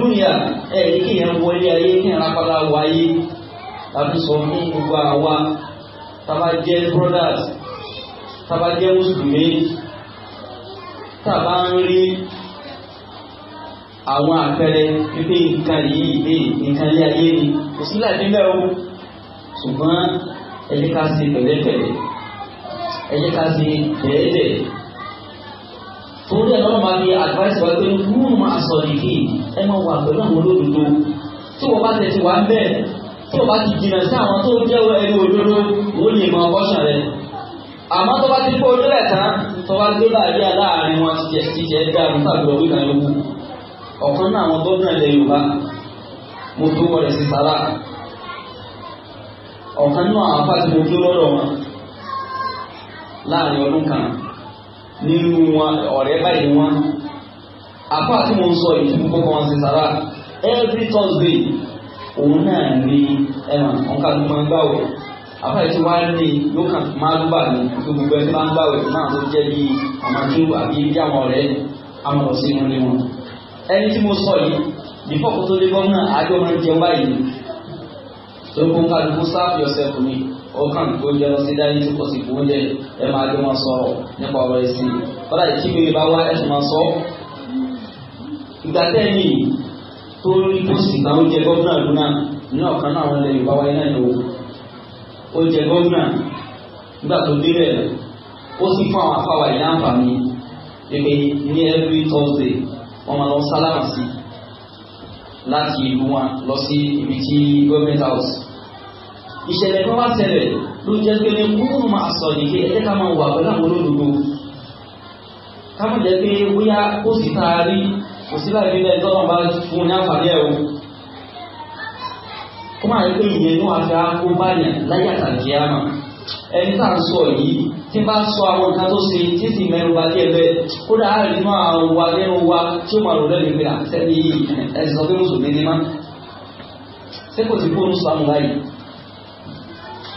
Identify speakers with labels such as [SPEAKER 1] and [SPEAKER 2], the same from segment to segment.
[SPEAKER 1] dúnyà ẹ̀ kí yẹn wọlé ayé kí yẹn rápálá wáyé tàbí sọ fún gbogbo àwa tàbá jẹ́ brothers tàbá jẹ́ mùsùlùmí tàbá ń rí àwọn àpẹẹrẹ pípé nǹkan yìí lè nǹkan ilé ayé ni kò sí láti bẹ́ẹ̀ o ṣùgbọ́n ẹ jẹ́ ká ṣe pẹ̀lẹ́pẹ̀lẹ́ ẹ ká ṣe bẹ́ẹ̀ torí ẹ̀ lọ́wọ́ máa ní advice wa pé fún máa sọ nìyí ẹ máa wà pẹ̀lú àwọn olódodo tí wọ́n bá tẹ̀sí wá ń bẹ̀ tí wọ́n bá ti jìnnà sí àwọn tó jẹ́ ẹni òdodo òun lè mọ ọkọ̀ṣàn rẹ̀ àmọ́ tó bá ti kó ojú rẹ̀ tán tó bá gbé bàjẹ́ láàrin wọn ti jẹ́ ti jẹ́ dá àrùn tàbí ọ̀wé kan yòókù ọ̀kan náà àwọn gómìnà ilẹ̀ Yorùbá mo tó wọ rẹ̀ sí sálà ọ̀kan náà àwọn afáàtì mo tó lọ́dọ̀ wọn láàrin ọdún kan nínú wọn ọ̀rẹ́ báyìí wọn apá tí mo ń sọ yìí fún kókó wọn every Thursday òun náà ní ẹ̀wọ̀n nǹkan máa ń gbàwẹ̀ apá yìí tí wàá ní yóò máa ń bà ní tó gbogbo ẹ̀ tó máa ń gbàwẹ̀ náà tó jẹ́ bí àmàjú àbí bí àwọn ọ̀rẹ́ amọ̀rọ̀ sí inú wọn ẹni tí mo sọ yìí okan tó jẹ ọsẹ dání tí kò sì kó oúnjẹ ẹ máa jọ máa sọ̀rọ̀ nípa ọ̀rọ̀ ẹsìn kọlá ìkí mi bá wá ẹ máa sọ. ìgbà tẹ́ẹ̀mì tó rí tó sì gba oúnjẹ gómìnà lónà ní ọ̀kan náà wọn lè wáyé náà yòó oúnjẹ gómìnà nígbà tó débẹ̀ ó sì fún àwọn afáwà pépé ibi tí government house ìṣẹ̀lẹ̀ kan wá ṣẹlẹ̀ ló jẹ́ pé ní kúrú máa sọ nìyí ẹjẹ́ ká máa wà pẹ̀lú àwọn olódodo ká má jẹ́ pé bóyá ó sì ta rí kò sí láì nílẹ̀ tó wọn bá fún ní àǹfààní ẹ̀ o kó máa rí pé ìyẹn ní wàá fi kó báyà láyé àtàkì àmà ẹni tá à ń sọ yìí tí bá sọ àwọn nǹkan tó ṣe tí sì mẹ́rin wa díẹ̀ bẹ́ẹ̀ kódà á rí máa wà nínú wa tí ó máa rò lẹ́nu pé àtẹ́ni yìí pé mùsùlùmí ni má ṣé kò sí fóònù sọ àmúláyìí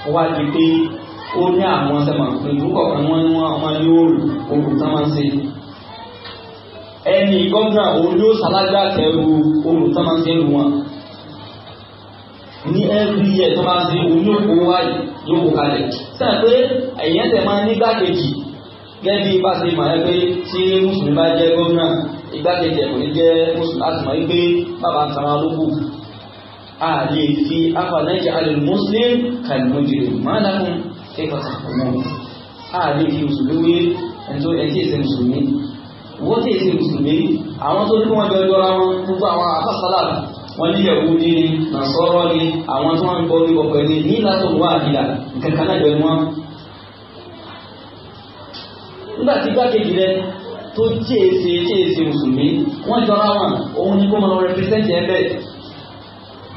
[SPEAKER 1] ó wá di pé ó ní àwọn sẹ́mà pẹ̀lú kọ̀ọ̀kan wọ́n ní wọ́n máa ní òòlù òòlù tán máa ń ṣe ẹni gọ́ńdà òun ló ṣalágbá tẹ̀rù òòlù tán máa ń ṣe ẹrù wọn ní every year tó máa ń ṣe òun yóò kó wáyé yóò kó kalẹ̀ sẹ́yìn pé ẹ̀yẹ́ tẹ̀ máa ń ní gbàkejì gẹ́gẹ́ bí bá ṣe mọ̀ ẹ́ pé tí mùsùlùmí bá jẹ́ gómìnà igbákejì ẹ̀ kò ní jẹ́ mùsùlùmí láti mọ̀ àlè fi afàlẹ́jì alẹ́ muslim kàlùmọ́jìrì mọ́lákùn ẹgbàtàkùnmọ́ àlè fi mùsùlùmí ẹ̀ntọ́ ẹ̀tí ẹ̀sẹ̀ mùsùlùmí wọ́n tí ẹ̀sẹ̀ mùsùlùmí àwọn tó nípa jọ jọra wọn gbogbo àwọn àfàsálà wọn gbákejì rẹ tó tí èsè tí èsè mùsùlùmí wọ́n jọra wọn òun ní kó máa rẹpẹsẹ̀ntì ẹ bẹ́ẹ̀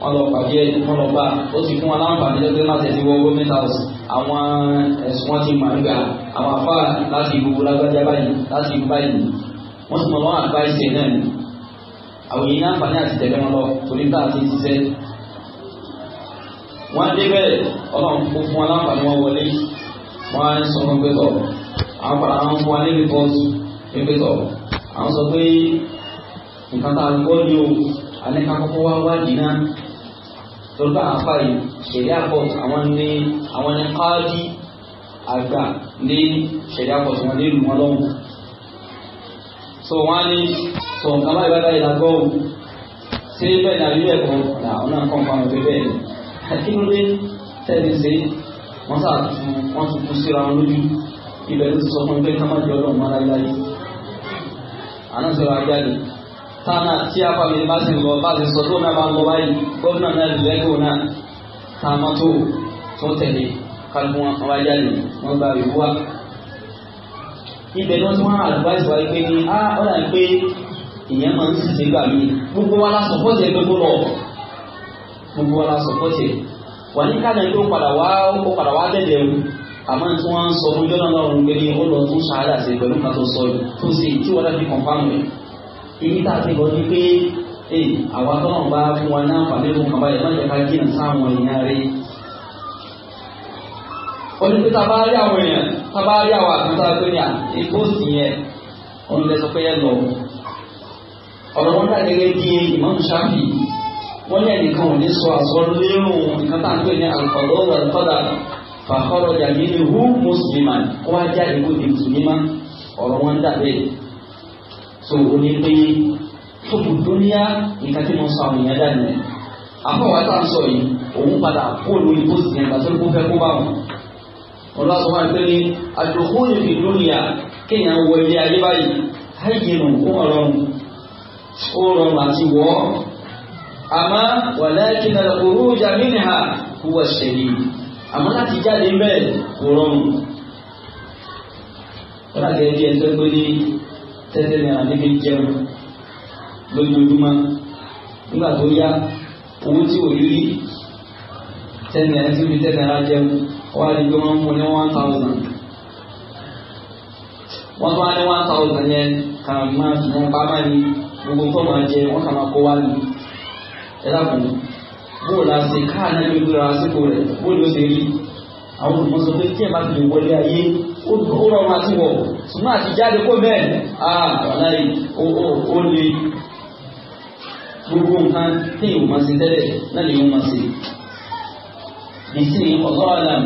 [SPEAKER 1] wọ́n lọ pàdé ẹni wọ́n lọ bá ó sì fún wọn láǹfààní lọ́dún láti ẹ̀sìn wọ́n gómìnà house àwọn ẹ̀sùn wọn ti mà nígbà àwọn afá láti ìlú lágbájá báyìí láti ìlú báyìí wọ́n sì mọ̀ wọ́n advice ẹ̀ náà ni àwọn èyí láǹfààní àti tẹ̀lé wọn lọ torí tá a ti ṣiṣẹ́. wọ́n á débẹ̀ ọlọ́run kó fún wọn láǹfààní wọn wọlé wọ́n á sọ fún pé tọ̀ àwọn padà wọn fún wa ní rìpọ́ọ̀tù pé tọ̀ àwọn sọ pé nǹkan tá a gbọ́ ni o àlẹ́ ká kọ́kọ́ wá wádìí náà torí bá àpá yìí ṣẹ̀ríà court àwọn ní àwọn ní káàdì àgbà ní ṣẹ̀ríà court wọn nílùú wọn lọ́wọ́ so wọ́n ní sọ nǹkan báyìí bá báyìí lágbọ́ ò ṣé bẹ́ẹ̀ ni àbí bẹ́ẹ̀ kọ́ là wọn náà kàn fáwọn pé bẹ́ẹ̀ ni kí ló dé tẹ́lẹ̀ ṣe wọ́n sà tún wọ́n tún kú síra wọn lójú ibẹ̀ ló ti sọ fún mi pé ká má jọ ọlọ́run mọ́ láyé láyé àná tánà tí a fàmì bá sì ń lọ bá sì sọ tó náà bá ń lọ báyìí gómìnà náà lù ẹgbẹ́ náà tá a mọ́ tó tó tẹ̀lé kálukú wọn wá jáde wọn gba ìlú wa. ibẹ̀ ni wọ́n ti wọ́n àdúgbàsí wa pé ní á ó dà pé ìyẹn máa ń ṣiṣẹ́ gbà mí gbogbo wa la sọ̀pọ̀tì ẹ̀ gbogbo lọ gbogbo wa la sọ̀pọ̀tì ẹ̀ wà ní kájà ní ó padà wá ó o wá dẹ̀dẹ̀ wù àmọ́ tí wọ́n ń sọ fún tu lọ́rùn pé ní ó lọ èyí tá a ti gbọ́dọ̀ pé ee àwa tọ́nà bá fún wa náà pàdé mu kaba yẹn má jẹ́ ká jìnnà sáwọn èèyàn rí. wọ́n ti tá a bá rí àwọn èèyàn tá a bá rí àwọn àkàntà pé ní àpòsì yẹn wọ́n lè sọ pé yẹn lọ. ọ̀rọ̀ wọn dà gẹ́gẹ́ bí ìmáàmù Ṣáfì wọ́n ní ẹnìkan ò ní sọ àsọ lérò nǹkan tá à ń pè ní àlùkọ̀dọ̀ wẹ̀lùkọ̀dà fàkọ́rọ̀ jàmínú hu so ó ní pé fúnfún dúníà nǹkan tí mo sọ àwọn èèyàn dànù àfọwọ́ tá à ń sọ yìí òun padà kó lórí pósìtì yẹn gbàtọ́ kó fẹ́ kó bá wọn ọlọ́sọ máa ń pè ní àjòkó ìfì dúníà kéèyàn wọ ilé ayé báyìí ayé nù kó wọn rọrùn ó rọrùn àti wọ́ àmọ́ wàlẹ́kì náà òru ìjà mímì ha kó wọ́n ṣẹlẹ̀ àmọ́ láti jáde bẹ́ẹ̀ kó rọrùn. ọlọ́dẹ tẹ́tẹ́ náírà ní jẹun lójoojúmọ́ nígbà tó yá owó tí ò rírí tẹ́tẹ́ náírà fi tẹ́tẹ́ jẹun wọ́n á di pé wọ́n fún ní one thousand wọ́n tún wá ní one thousand yẹn kà máa fi wọn máa ní gbogbo nǹkan máa jẹ wọ́n kà máa kó wá ní ẹ dákun la ṣe káà náà ló gbéra sípò rẹ̀ bóò ló ṣe rí àwọn olùmọ̀sọ pé tí ẹ bá ti lè wọlé ayé ó rọrùn àti wọ̀ ṣùgbọ́n àti jáde kó bẹ́ẹ̀ àbáláyé ó lè gbogbo nǹkan tí ìwò máa ṣe tẹ́lẹ̀ náà lè wọ́n máa ṣe nísìnyí ọ̀tọ́ adam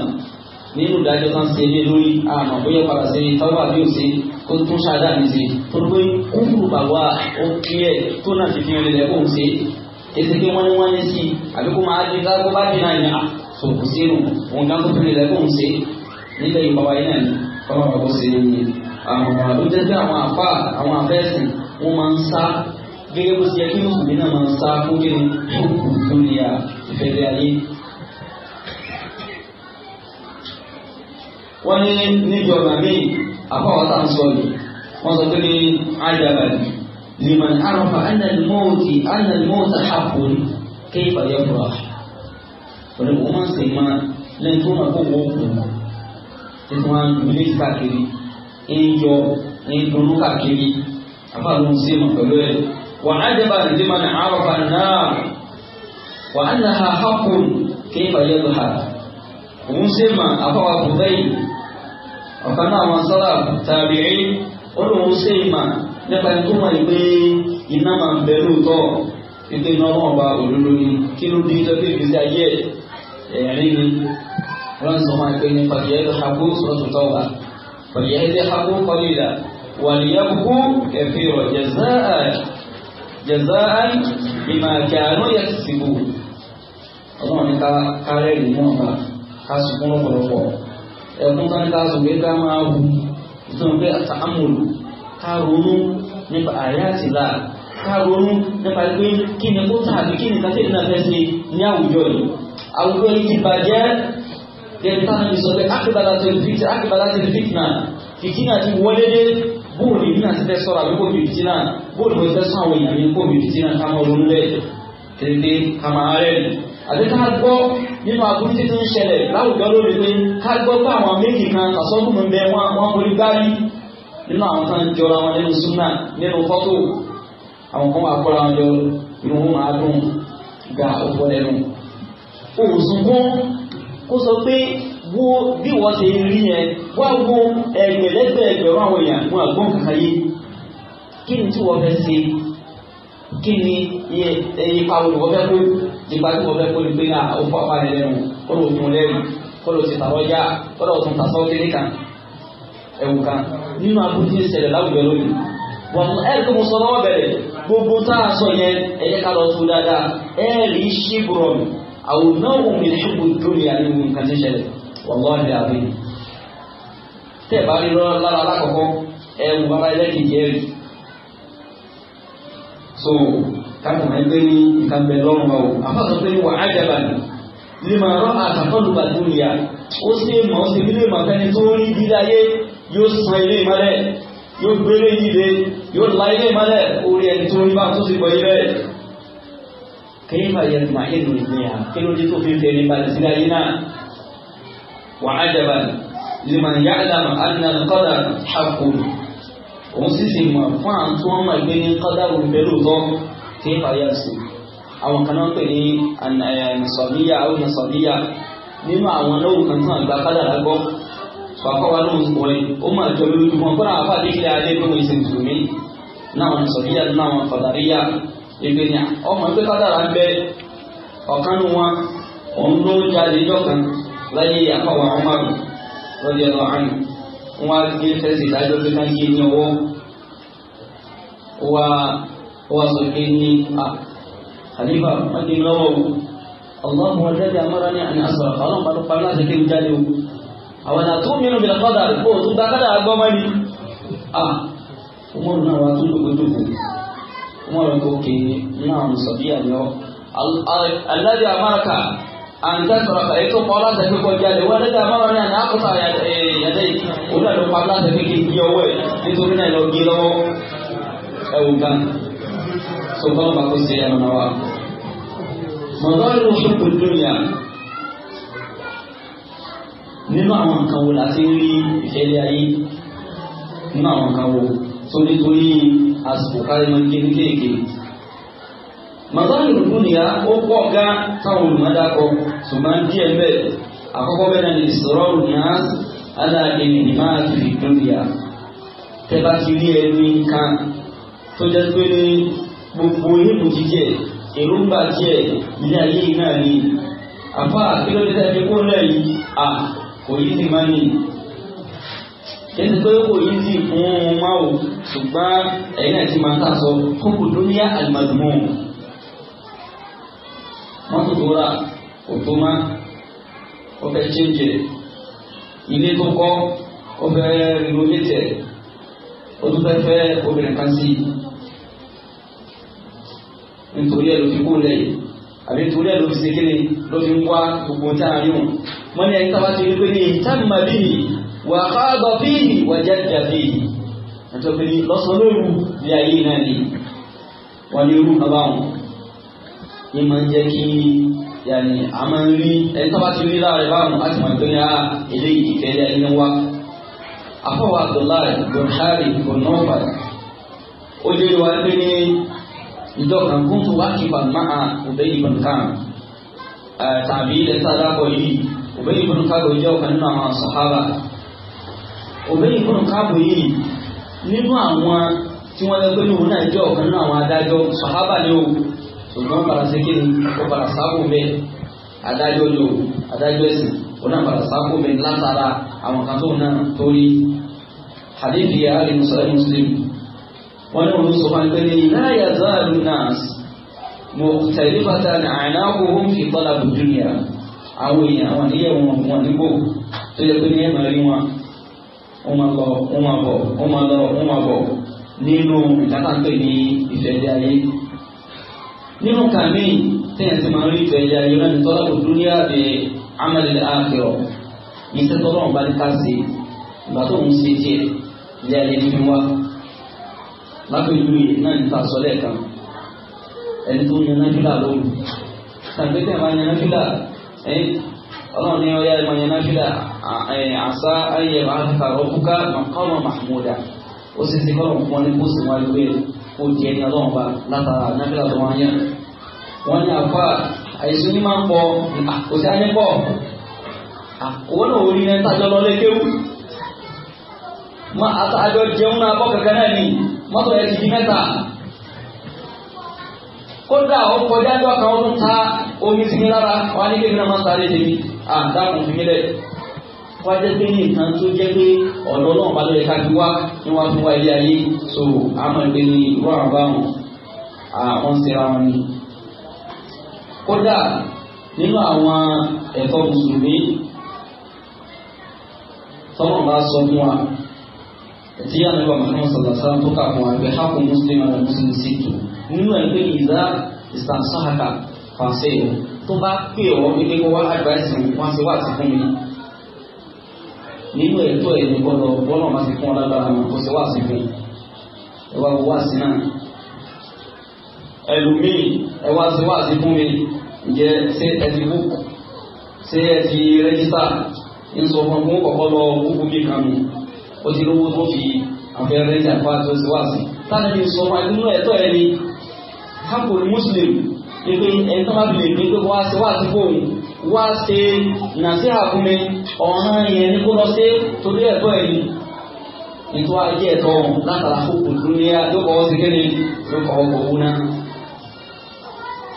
[SPEAKER 1] nínú ìdájọ́ kan ṣe lé lórí àmọ́ bóyá padà ṣe tọ́wọ́ àbí òṣè kó tún ṣáadá mi ṣe tó ló pé kúrú bàbá ó kílẹ̀ tó náà fi fi rìn lẹ́kọ̀ọ́ ṣe èsì pé wọ́n ní wọ́n ní sí àbí kó máa dín ká kó bá dín náà ní àsòkò òun ká kó fi rìn lẹ́kọ̀ọ́ ṣe nílẹ̀ Yorùbá wa yìí náà ni kọ́lọ́ ọ̀gbọ́n ṣe é ní àwọn ló jẹ́ pé àwọn àfa àwọn afẹ́sìn wọ́n máa ń sá gẹ́gẹ́ bó ti yẹ kí mùsùlùmí náà máa ń sá fún kí ni lórí ìfẹ́lẹ́ ayé. wọ́n ní níjọ màmí àfọwọ́ tá à ń sọ yìí wọ́n sọ pé ní ájàbàlì liman arafa anna al-mawti anna al-mawta haqqun kayfa yafrah. pẹ̀lú wọ́n máa ń sè lẹ́yìn tó máa kó wọ́n náà tí wọ́n ń gbé káàkiri ń yọ ń dunnú káàkiri àfàlù ń sèmọ̀ pẹ̀lú ẹ̀. wà á jẹ́ bàtà tí màá àrọ̀ fà náà wà á nà ha hàkùn kí n bàyẹ̀ lọ ha. òun sèmọ̀ àfàwà bùdáyì ọ̀kan náà wọn sọ́lá tàbíyí ó lóun sèmọ̀ nípa ìtumọ̀ ìgbé iná máa ń bẹ lóòótọ́ ìgbé iná ọlọ́run ọba kí ló dé tó fi fi sí ayé ẹ̀rín ni wọ́n sọ máa pé ní pàdé ẹ̀dọ̀ hakú sọ́tún tọ́wà pàdé ẹ̀dọ̀ hakú kọlìlà wà ní yẹ́kú ẹ̀fẹ́rọ̀ jẹ̀záàn ìmàkàánú yẹ síbò ọlọ́run ní kárẹ́ ìlú náà bá ká sùkún lọ́pọ̀lọpọ̀ ẹ̀kún tán ká sùn pé ká máa wù ìtàn pé àtàmùlù ká ronú nípa àyà àtìlá ká ronú nípa pé kí ni kó tàbí kí ni kátẹ́ ìdínà fẹ́ ṣe tẹ́ntà náà sọ pé akébàlá tẹ̀lé fìtì akébàlá tẹ̀lé fìtì náà fìtì náà ti wọlé dé bóòlù yìí náà ti fẹ́ sọ̀rọ̀ àbí bóòlù fìtì náà bóòlù bó fẹ́ sọ àwọn èèyàn ní bóòlù fìtì náà ká máa ronú bẹ́ẹ̀ tẹ̀lé ká máa rẹ̀ nù. àbí ká gbọ́ nínú aburú títí ń ṣẹlẹ̀ láwùjọ lórí pé ká gbọ́ pé àwọn méjì kan àsọ́kùnrin bẹ wọn wọn borí gbárí nínú àwọn kan jọra wọn nínú súnà nínú fọ́tò àwọn kan wà kọ́ra wọn jọ inú wọn máa dùn ga òpó lẹ́nu. òwò sunkún kó sọ pé wo bí wọ́n ṣe rí yẹn wá wo ẹgbẹ̀lẹ́gbẹ̀ ẹgbẹ̀rún àwọn èèyàn wọn àgbọn kankan yìí kí ni tí wọ́n fẹ́ ṣe kí ni ipa wo ni wọ́n fẹ́ kó ipa tí wọ́n ni pé náà ah, ó fọ́ apá rẹ̀ lẹ́nu kó ló fún lẹ́rù kó ló ti gbogbo tá yẹn ẹ̀yẹ ká lọ dáadáa ẹ̀rì ṣíbùrọ̀mù àwọn náà wò mí ṣubú lórí àlewò nǹkan tí ń ṣẹlẹ̀ wàlúwàlú àbí. tẹ́ ẹ̀ bá rí lọ́rọ́ lára alákọ̀ọ́kọ́ ẹ wù bàbá ẹlẹ́kìnjẹ́ rí. so káàkiri máa ń gbé ní nǹkan bẹ lọ́rùn wa o àfàtọ́ pé wà á jẹba ni lè máa rán àtàkọ́lùbà dúnìyà ó sì mọ̀ ó sì bí lè máa fẹ́ni tó rí dídá yé yóò san ilé ìmọ̀lẹ̀ yóò gbélé yìí lé yóò la ilé ìmọ̀lẹ̀ orí ẹni tó rí bá tó ti bọ̀ yìí bẹ́ẹ̀. كيف يطمئن إليها كل دي في تيري بالسيدنا وعجبا لمن يعلم أن القدر حق òun sì sì mọ̀ fún àwọn tí wọ́n mọ̀ gbé ní kọ́dárù pẹ̀lú gan tí ń fàyà sí àwọn kan náà pè ní nàṣọ̀díyà àwọn nàṣọ̀díyà nínú àwọn lóhùn kan tí wọ́n gba kádàrá gbọ́ pàpàwà lóhùn ọ̀rẹ́ ó mà jọ lórí wọn kó náà fàdé ilé adé lóhùn ìsìn tùmí náà nàṣọ̀díyà náà fàdàríyà ebi ni ọmọ ẹgbẹ́ kádàrà ń bẹ ọ̀kan nu wọn òun ló jáde jọ̀kan láyé àkọwà ọmọdù lọ́dí ẹ̀rọ àánú wọn á gbé fẹ́sì ìdájọ́ pé ká gé ní ọwọ́ wa wa sọ pé ní a àdébà wọn gé ní lọ́wọ́ o ọlọ́run wọn jáde amára ní àná àsọ̀rọ̀ ọlọ́run bá tó parí láti kí jáde o àwọn àtú mìíràn bìlà kádàrà kó o tún gba kádàrà gbọ́ ni a ọmọdù náà wà á tún lòkòtò fún wọn lọ gòkè nínú àwọn sọ̀bíyà ni ọ. aláde amáraka àǹtá sọ̀rọ̀ kàlẹ́ tó pa ọlọ́sẹ̀ pé kọjá lè wọ́n aláde amáraka náà ní àkóso àyàdẹ́ yìí òun náà ló pa ọlọ́sẹ̀ pé kí n gbé ọwọ́ ẹ̀ nítorí náà lọ gbé lọ́wọ́ ẹ̀wù gan. sọ fọlọ́ bá kó ṣe ẹnu náà wá. mọ̀tọ́lù ṣùkú dúnyà nínú àwọn nǹkan wo la ti rí ìfẹ́lẹ́ ayé nínú àwọn nǹkan tó nítorí àsìkò kárí mọ́ kéékèèké mazalul dunya ó pọ̀ ga táwọn olùmọ́dàkọ ṣùgbọ́n díẹ̀ bẹ́ẹ̀ àkọ́kọ́ bẹ́ẹ̀ náà ní ìṣòro nìyàs aláàdéni ní máa fi dunya tẹ́ bá ti rí ẹni kan tó jẹ́ pé ní gbogbo onímù jíjẹ èròǹgbà jẹ ilé ayé náà ni àfa kílódé tẹ́ fi kó lẹ́yìn à kò yí sí máa ní kí ni pé kò yí sí fún máa wò ṣùgbọ́n ẹ̀yin náà ti máa ń tà sọ kókò dúníyà àlùmọ́dúnmọ́ mọ́tò tó rà kò tó má ó fẹ́ ṣéǹjẹ̀ ilé tó kọ́ ó fẹ́ rìnrìnlẹ́tẹ̀ ó tún fẹ́ fẹ́ obìnrin kan sí nítorí ẹ̀ ló fi kó lẹ́yìn àbí torí ẹ̀ ló fi ṣèkéle ló fi ń wá gbogbo tí a yùn wọ́n ní ẹni tábà ti rí pé ní ìtàn màbí wà á bọ̀ bí wà jẹ́ jà ẹjọ́ pé ní lọ́sọlóòrù ní ayé náà ni wọ́n ní irú bàbá wọn ní máa ń jẹ́ kí yàní a máa ń rí ẹni tó bá ti rí láàrẹ báwọn láti máa gbé ah, eléyìí ìfẹ́ ilé ayé wá afọwọ́ Abdullahi buhari bonofa ó lé wa pé ní ìjọ kan kún tó wá kí bàmá a òbẹ́ ìbọn kan tàbí ẹ̀ta alákọ̀ yìí òbẹ́ ìbọn kan kò jẹ́ ọ̀kan nínú àwọn sàhábà òbẹ́ ìbọn kan kò yìí nínú àwọn tí wọ́n lẹ́gbẹ́ ní òun náà jẹ́ ọ̀kan nínú àwọn adájọ́ sàhábà ní òun ṣùgbọ́n parasẹ́ kí ni ó para sáàbù bẹ́ẹ̀ adájọ́ ní òun adájọ́ ẹ̀sìn òun náà para sáàbù bẹ́ẹ̀ látara àwọn kan tó náà torí hadithi ya ali musalai muslim wọn ní òun sọ fún ẹgbẹ́ ní la yazalu nas mukhtalifatan a'naquhum fi talab ad-dunya àwọn èèyàn àwọn àníyẹ̀wò wọn nígbò tó yẹ pé ní ẹ̀mọ̀ wọ́n máa lọ wọ́n máa bọ̀ wọ́n máa lọ wọ́n máa bọ̀ nínú ìdákàtò ní ìfẹ̀lẹ́ ayé. nínú kàmí tẹ̀yìn tí máa ń rí ìfẹ̀lẹ́ ayé náà ní tọ́lá tó dún ní àbẹ̀ amẹ́lẹ̀ àkẹ́rọ̀ iṣẹ́ tọ́lọ́ ọ̀bá ní káṣí ìgbà tó ń ṣe tiẹ̀ ilé ayé ní wá. lápẹ̀lú yìí náà ní tàṣọ lẹ́ẹ̀kan ẹni tó ń yan náfìlà lóru tàbí tẹ̀ ọlọ́run ní ọyá ẹ̀mọ yẹn náfìlà àṣà ayé àfikà rọ́bùkà mọ̀kànmọ̀ mahmuda ó sì ti kọ́lọ̀ fún ọ ní bó sì wá lóye kó jẹ ní ọlọ́run bá látara náfìlà tó wáyé wọn ní àfa àìsàn ní máa ń pọ kò sí ayé pọ òun náà orí náà tájọ lọ lékéwú àtàjọ jẹun náà bọ́ kankan náà ni mọ́tò ẹ̀ ti di mẹ́ta kódà ó kọjá jọ kan ó ta omi sí mi lára wọn á ní kébìnrin máa ń sáré débi àǹtàkùn fi mílẹ̀ wá jẹ́ pé nìkan tó jẹ́ pé ọ̀dọ́ náà bá lóye ká fi wá ní wá fún wa ilé ayé so àmọ́ ìpè ní ìlú àwọn àwọn sera wọn ni. kódà nínú àwọn ẹ̀tọ́ mùsùlùmí tọ́lọ̀ bá sọ fún wa ẹ̀tí yà nípa Muhammad sallallahu alaihi wasallam tó kà fún wa pé hákù mùsùlùmí àwọn mùsùlùmí sì tù nínú ẹ̀ pé ìdá ìsànsáhàkà fàṣẹ́yìn tó bá pè ọ́ wípé wọ́n wá advice mi wọ́n ṣe wá àti fún mi nínú ẹ̀tọ́ ẹ̀ ní bọ́lọ̀ bọ́lọ̀ máa fi fún ọ lágbára wọn kó ṣe wá àti fún ẹ wá wá sí náà ẹlòmíì ẹ wá ṣe wá àti fún mi ǹjẹ́ ṣé ẹ ti book ṣé ẹ ti register ń sọ fún fún kọ̀kọ́ lọ kúkú bí kan mi ó ti lówó tó fi àfẹ́rẹ́ ìjàpá tó ṣe wá sí. táwọn ẹni sọ fún ẹni nínú ẹ̀tọ́ ẹni hákòrò mùsùlùmí ní pé ẹni tó bá fi wa se pé wá ṣe wá àti fóun wá ṣe nàṣí àkúnmi ọ̀ràn yẹn ní kó lọ sí torí ẹ̀tọ́ ẹ̀ ni ètò ajé ẹ̀tọ́ látara fòkù lórí àdókọ̀ ọ̀sẹ̀ kéde lókọ̀ ọkọ̀ owó náà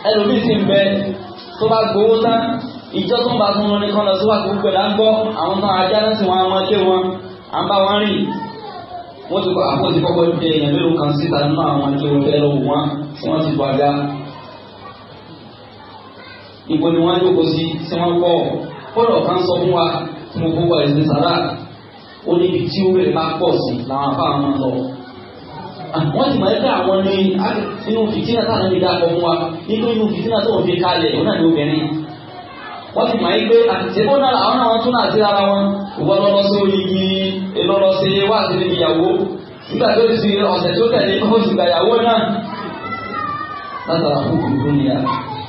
[SPEAKER 1] ẹlòmíì sì ń bẹ tó bá gbowó tán ìjọ tó ń bá tún lọ ní kọ́nà sí wà tó gbẹ̀dá ń gbọ́ àwọn náà ajá náà sì wọn àwọn ẹkẹ wọn à ń bá wọn rìn wọ́n ti kọ́ àpò ti kọ́kọ́ dé èèyàn mélòó kan síta nínú àwọn ẹkẹ wọn bẹ́ẹ̀ lọ́wọ́ wọn tí wọ́n ti bọ̀ ajá ìbò ni wọ́n jókòó sí tí wọ́n kọ́ kọ́lọ̀ kan sọ fún wa tí mo gbogbo àìsí sàrà ó ní ibi tí wúrẹ̀ bá pọ̀ sí làwọn afá àwọn lọ. Ah, wọ́n ti mọ̀ ẹ́ pé àwọn ní inú fìtínà táwọn ní dàpọ̀ fún wa nínú inú fìtínà tó ń fi kalẹ̀ òun náà ní obìnrin. wọ́n ti mọ̀ ẹ́ pé àtẹ̀bọ́n ah, náà àwọn náà wọ́n tún náà sí ara wọn ìwọ́n lọ́lọ́ sí orí ìlọ́lọ́ sí wá sí ìyàwó nígbà tó ti ọ̀sẹ̀ tó tẹ̀lé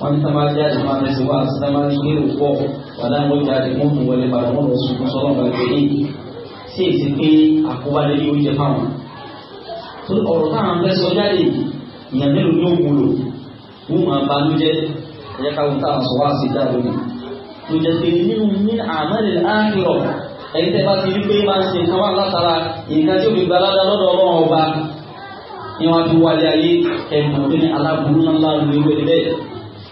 [SPEAKER 1] wọ́n ní sábà jáde máa fẹsẹ̀ wá sí sábà ní gbé òpó wàdá ní ọjà rẹ̀ wọ́n mú wọlé padà wọ́n lọ sùn sọ́nà ọ̀gbà ìgbé yìí sí èsì pé àkóbá lé ní oúnjẹ fáwọn. tó ọ̀rọ̀ táwọn fẹ́ sọ jáde ìyàn mélòó ní òwúlò wọ́n máa ba ló jẹ́ ẹ̀yẹ káwọn táwọn sọ wá sí jáde ní. tó jẹ́ pé nínú ní àmàlẹ̀ áńkìrọ̀ ẹ̀yìn tẹ́ bá ti rí pé máa ń ṣe nǹkan wá látara nǹkan tí ó fi gba ládá lọ́dọ̀ ọlọ́run ọba ni wọ́n ti wálé ayé ẹ̀mọ̀ tó ní aláburú ńlá lórí ìwé bẹ́ẹ̀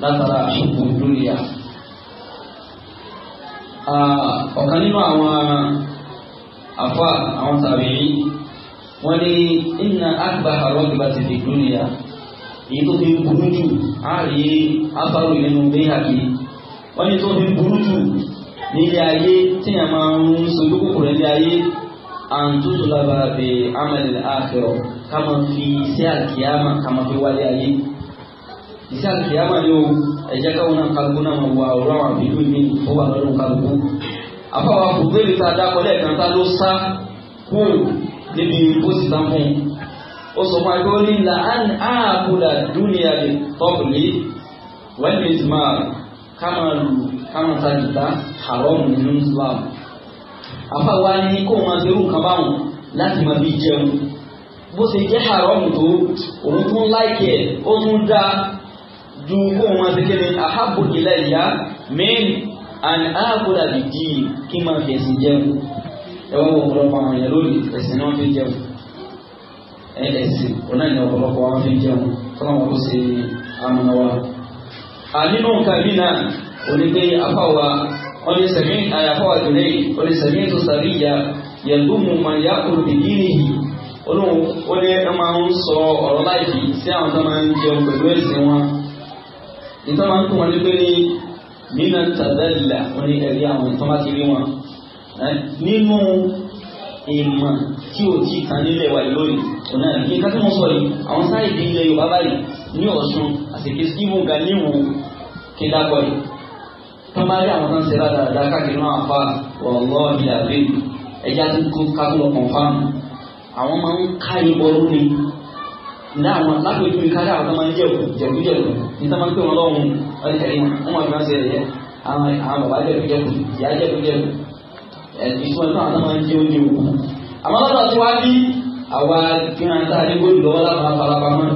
[SPEAKER 1] látara àṣùkù dúnìyà. ọ̀kan nínú àwọn afa àwọn tàbíyí wọ́n ní ìnà àgbà àrọ́gbà ti fi dúnìyà èyí tó fi burú jù àárí afárò ìlẹ́nu béhàkì wọ́n ní tó fi burú jù nílé ayé tí a máa ń sojú kòkòrò nílé ayé àǹtútù lábàbí amẹ́lẹ̀ àfẹ́rọ̀ ká máa fi iṣẹ́ àkíyàmà ká máa fi wálé ayé iṣẹ́ àkìyàmà yóò ẹ̀jẹ̀ káwọn náà kálukú náà máa wà ọ̀rọ̀ àwọn àbílú mi ó wà lọ́dún kálukú. afọwọ́ fùgbẹ́rì tá a dákọ̀ lẹ́ẹ̀kan tá ló sá kú níbi ó sì tán fún un. ó sọ fún akẹ́wọ́ ní la án a dúnìyà lè tọ́pìlì wẹ́n mi ti máa kámà lù kámà ta jìtá haramu nínú Islam. afọwọ́ á ní kó máa ṣerú nǹkan báwọn láti máa bí jẹun bó ṣe jẹ́ haramu tó òun tún láìkẹ̀ ó tún dáa ju kó wọn ṣe kí ni ahabu ilayya min an akula bi díì kí máa fi ẹ̀sìn jẹun ẹwọ́n wọ ọ̀pọ̀lọpọ̀ àwọn èèyàn lórí ẹ̀sìn náà fi jẹun ẹ̀sìn ọ̀nà ni ọ̀pọ̀lọpọ̀ àwọn fi jẹun fọlọ́wọ́n kó ṣe amúnà wa. ànínú nǹkan mí náà onígbé afáwa wọ́n lè sẹ̀mí àyàfáwa jùlẹ̀ yìí wọ́n lè sẹ̀mí tó sàrí ìyá yẹ̀dúmù máa yá kúrò bí díì nìyí olóhùn ó lé ẹ máa ń sọ ọ̀rọ̀ láìpì sí àwọn tó máa ń jẹun pẹ̀lú ẹ̀sìn wọn nítorí wọn tó wọn ní pé ní nínú tàbẹ́là wọn ní ẹ̀rí àwọn ìtàn bá ti rí wọn nínú ìmọ̀ tí ò ti tàn nílẹ̀ wà lórí ọ̀nà ìdí nǹkan tí wọ́n sọ yìí àwọn sáìdì ilẹ̀ Yorùbá báyìí ní Ọ̀ṣun àsìkè síbù ga níwò kí dágbọ̀ yìí tó máa rí àwọn tó ń ṣe dáadáa káàkiri náà fa ọ̀lọ́ ìyàgbé ẹja tó kó kákó lọ kàn fáàmù àwọn máa ń ká ìbọrú ni ní àwọn lápẹjú mi kárí àwọn tó máa ń jẹ̀wò jẹ̀kújẹ̀kù ní tó máa ń pè wọn lọ́hùn ọ̀dẹ̀tẹ̀rin wọn máa fi ránṣẹ́ rẹ̀ yẹ àwọn bàbá jẹ̀kújẹ̀kù ìyá jẹ̀kújẹ̀kù ìṣúná tó àwọn tó máa ń jẹ oúnjẹ òkú. àmọ́ lọ́dọ̀ tí wá bí àwa kíran tá a ní gbódù lọ́wọ́ láwọn afárapamọ́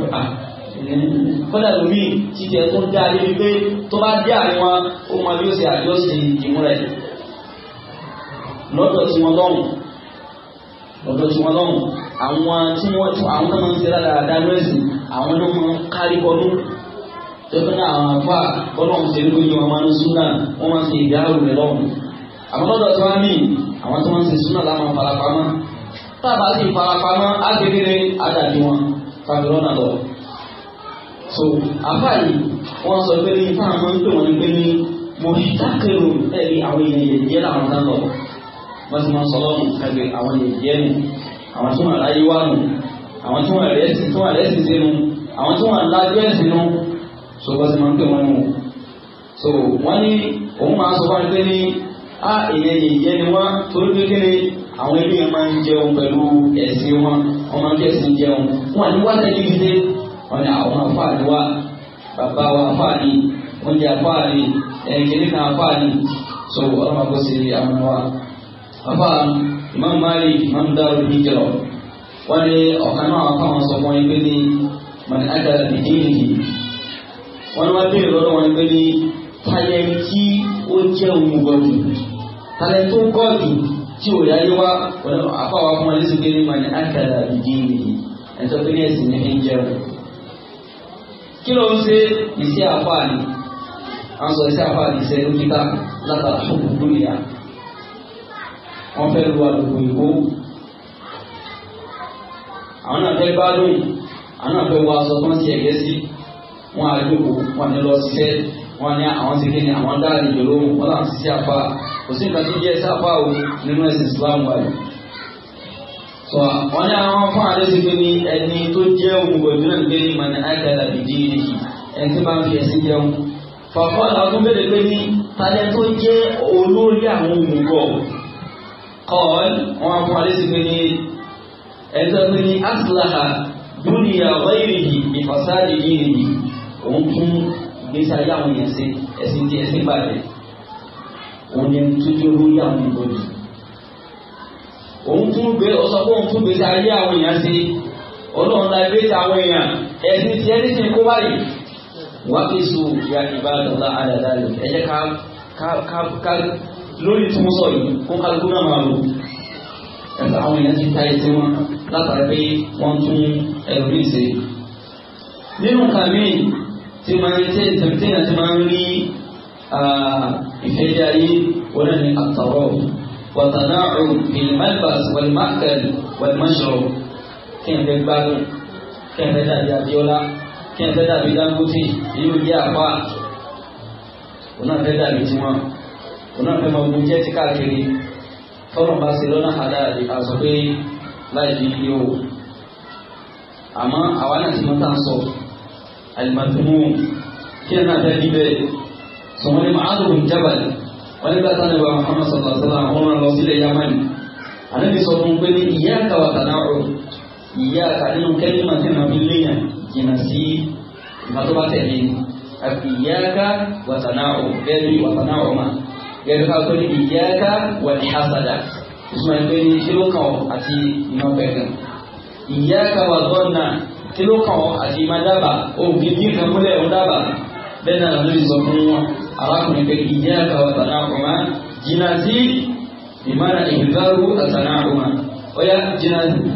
[SPEAKER 1] kódà lómi títẹ tó dá a lébi pé tó bá dé àwọn ohun àbí òsè àjọsí ìmúra ẹ̀ àwọn tí wọ́n tún àwọn tó máa ń ṣe dáadáa dáná ẹ̀sìn àwọn ló máa ń kárí bọ́dún tẹ́fẹ́ náà àwọn afá ọlọ́run ṣe lórí wọn máa ń súnà wọ́n máa ń ṣe ìdáhùn rẹ̀ lọ́rùn àwọn lọ́dọ̀ tí wọ́n ní àwọn tó máa ń ṣe súnà láwọn farapamọ́ tábà sì farapamọ́ ágbégbére àdàbí wọn fàbíọ́nà lọ. so afá yìí wọ́n sọ pé ní táwọn máa ń pè wọ́n ní pé ní mo fi dákẹ́rù ẹ̀rí àwọn èèyàn yẹ̀yẹ́ làwọn náà lọ wọ́n ti máa sọ lọ́rùn kàgbé àwọn yẹ̀yẹ́ nù àwọn tí wọ́n láyé wá nù àwọn tí wọ́n rẹ̀ sí tí wọ́n rẹ̀ sí sínú àwọn tí wọ́n lájú ẹ̀ sínú so bá sì máa ń pè wọ́n nù so wọ́n ní òun máa sọ fún pé ní a ìyẹn ìyẹn ni wọ́n torí pé kíni àwọn ilé yẹn máa ń jẹun pẹ̀lú ẹ̀sìn wọn wọ́n máa ń jẹ̀sìn jẹun wọ́n ní wá tẹ́lẹ̀ ìdílé wọ́n ní àwọn afáàlì wa bàbá wa afáàlì oúnjẹ afáàlì ẹ̀yìn afáàlì so ọlọ́mọ kò sí àwọn wa afáàlì. Imam Malik Imam Darul Hijra wọ́n ní ọ̀kan náà káwọn sọ fún ni? ní mọ̀ní àdàlà bìdí nìyí wọ́n ní wọ́n bèèrè lọ́dọ̀ wọn ẹgbẹ́ ní tayẹ tí ó jẹ́ ohun gọ̀dù tayẹ tó gọ̀dù tí ò yáyé wá àfáwà fún ẹlẹ́sì pé ní mọ̀ní àdàlà bìdí nìyí ẹ̀tọ́ pé ní ẹ̀sìn ní fi ń jẹun kí ló ń ṣe ìṣe àfáà ni àwọn sọ ìṣe àfáà ni ìṣe lókítà látara wọ́n fẹ́ lu àlùkò ìbò àwọn náà fẹ́ gbádùn àwọn náà fẹ́ wọ aṣọ tó ń ti ẹ̀gẹ́ sí wọn àjòkò wọn ni lọ ṣiṣẹ́ wọn ni àwọn ti kí ni àwọn dáàrin jòló wọn làwọn ṣiṣẹ́ apá kò sí nǹkan tí jẹ́ sáfà o nínú ẹ̀sìn Islam wa yìí sọ wọn ní àwọn fún àdéṣe pé ni ẹni tó jẹ́ òmùgọ̀ ìdúrà ní pé ní mọ̀ ní àìkàlà bìdí nìyí ẹni tí máa ń fi ẹ̀sìn jẹun fàfọ́ àtàkùn bẹ̀rẹ̀ pé ní tàdé tó jẹ́ olórí àwọn òmùgọ̀ kọ́ọ̀lù wọn á fún alẹ́ sí pé ní ẹ̀sọ́ pé ní asìláhà dúnìyà wáyìrìhì ìfàsáàdì yìí òun tún gbèsè ayé àwọn èèyàn sí ẹ̀sìn tí ẹ̀sìn bàjẹ́ òun ni tójú olórí àwọn ìbòjì òun tún gbé ọsọ pé òun tún gbèsè ayé àwọn èèyàn sí ọlọ́run la gbèsè àwọn èèyàn ẹ̀sìn tí ẹni sì kó báyìí wá kí sùn ìyá ìbáraẹ̀dọ́lá àdàdà rẹ̀ ẹ̀jẹ̀ ká ká ká lórí tí mo sọ yìí kó kálukú náà máa lò ẹ̀fọ́ àwọn èèyàn ti ta ẹsẹ̀ wọn látara pé wọ́n tún ẹlòmíì ṣe. nínú kàmíì tí máa ń tẹ́ ìtẹ̀mítẹ́yà tí máa ń rí ìfẹ́ ayé wọn ni àtọ̀rọ̀ wàtànáàrù ìlmẹ́lbàs wẹ̀lmákẹ́l wẹ̀lmáṣọ̀rọ̀ kí n fẹ́ gbádùn kí n fẹ́ dàbí Abíọ́lá kí n fẹ́ dàbí Dangote yóò jẹ́ àpá òun náà fẹ́ dàbí tiwọn ọ̀nà fẹ́ mọ ogun jẹ́ ti káàkiri tọ́nà bá ṣe lọ́nà àdáàlì àṣọ pé láì fi yé o àmọ́ àwa náà ti mọ́ tá à ń sọ àlìmọ̀tìmù kí ẹ̀ náà fẹ́ níbẹ̀ sọ ní màá lòun jábàlì wọ́n nígbà táwọn ìwà Muhammad sallallahu alaihi wasallam àwọn ọ̀rọ̀ lọ sílẹ̀ Yamani ànábi sọ fún pé ní ìyá àkàwà tàná ọ̀rọ̀ ìyá àkà nínú kẹ́lí màtí nà fi léyàn jìnnà sí ìmọ̀tọ́bátẹ̀lé àfi ìyá àkà wàtàná ọ̀rọ̀ bẹ́ẹ̀ wàtàná ọ̀rọ̀ máa yẹn ká tó ní ìyáká wal hasada ìsúnmọ́ ẹgbẹ́ ní kí ló kàn ọ́ àti ìmọ̀ bẹ̀rẹ̀ ìyáka wà dọ́nà kí ló kàn ọ́ àti ìmọ̀ dábà òun gidi kan múlẹ̀ òun dábà bẹ́ẹ̀ náà lórí sọ fún wọn arákùnrin pé ìyáka wà tànà àkùnmá jìnnà sí ìmọ̀ràn ìbáru àtànà àkùnmá ó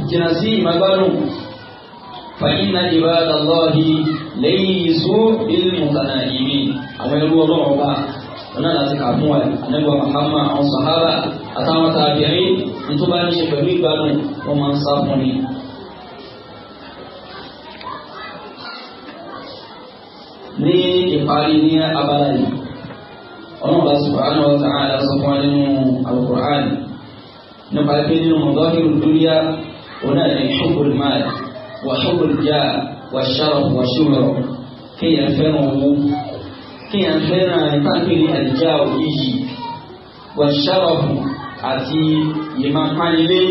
[SPEAKER 1] jìnnà sí ìmọ̀gbádùn fàyínà ìbáradàlọ́ọ̀hì lẹ́yìn ìṣó ilé mùtànà ọ̀nà láti kà fún wa ànágbà Muhammad àwọn sàhábà àtàwọn tàbíyìn ní tó bá ní ṣe pẹ̀lú ìgbádùn wọn máa ń sá fún ni. ní ìparí ní abala yìí ọlọ́run subhanahu wa ta'ala sọ fún wa nínú alukur'an nípa pé nínú mọ̀dọ́hìrì dúníà òun náà ní ṣùgbọ́n máa wà ṣùgbọ́n já wà ṣàrọ̀ wà ṣùgbọ́n kéèyàn fẹ́ràn owó kí n fẹ́ràn ìtàkìlì àdìjá òyìyí wọ̀ṣẹ́rọ̀fù àti ìmọ̀pánilé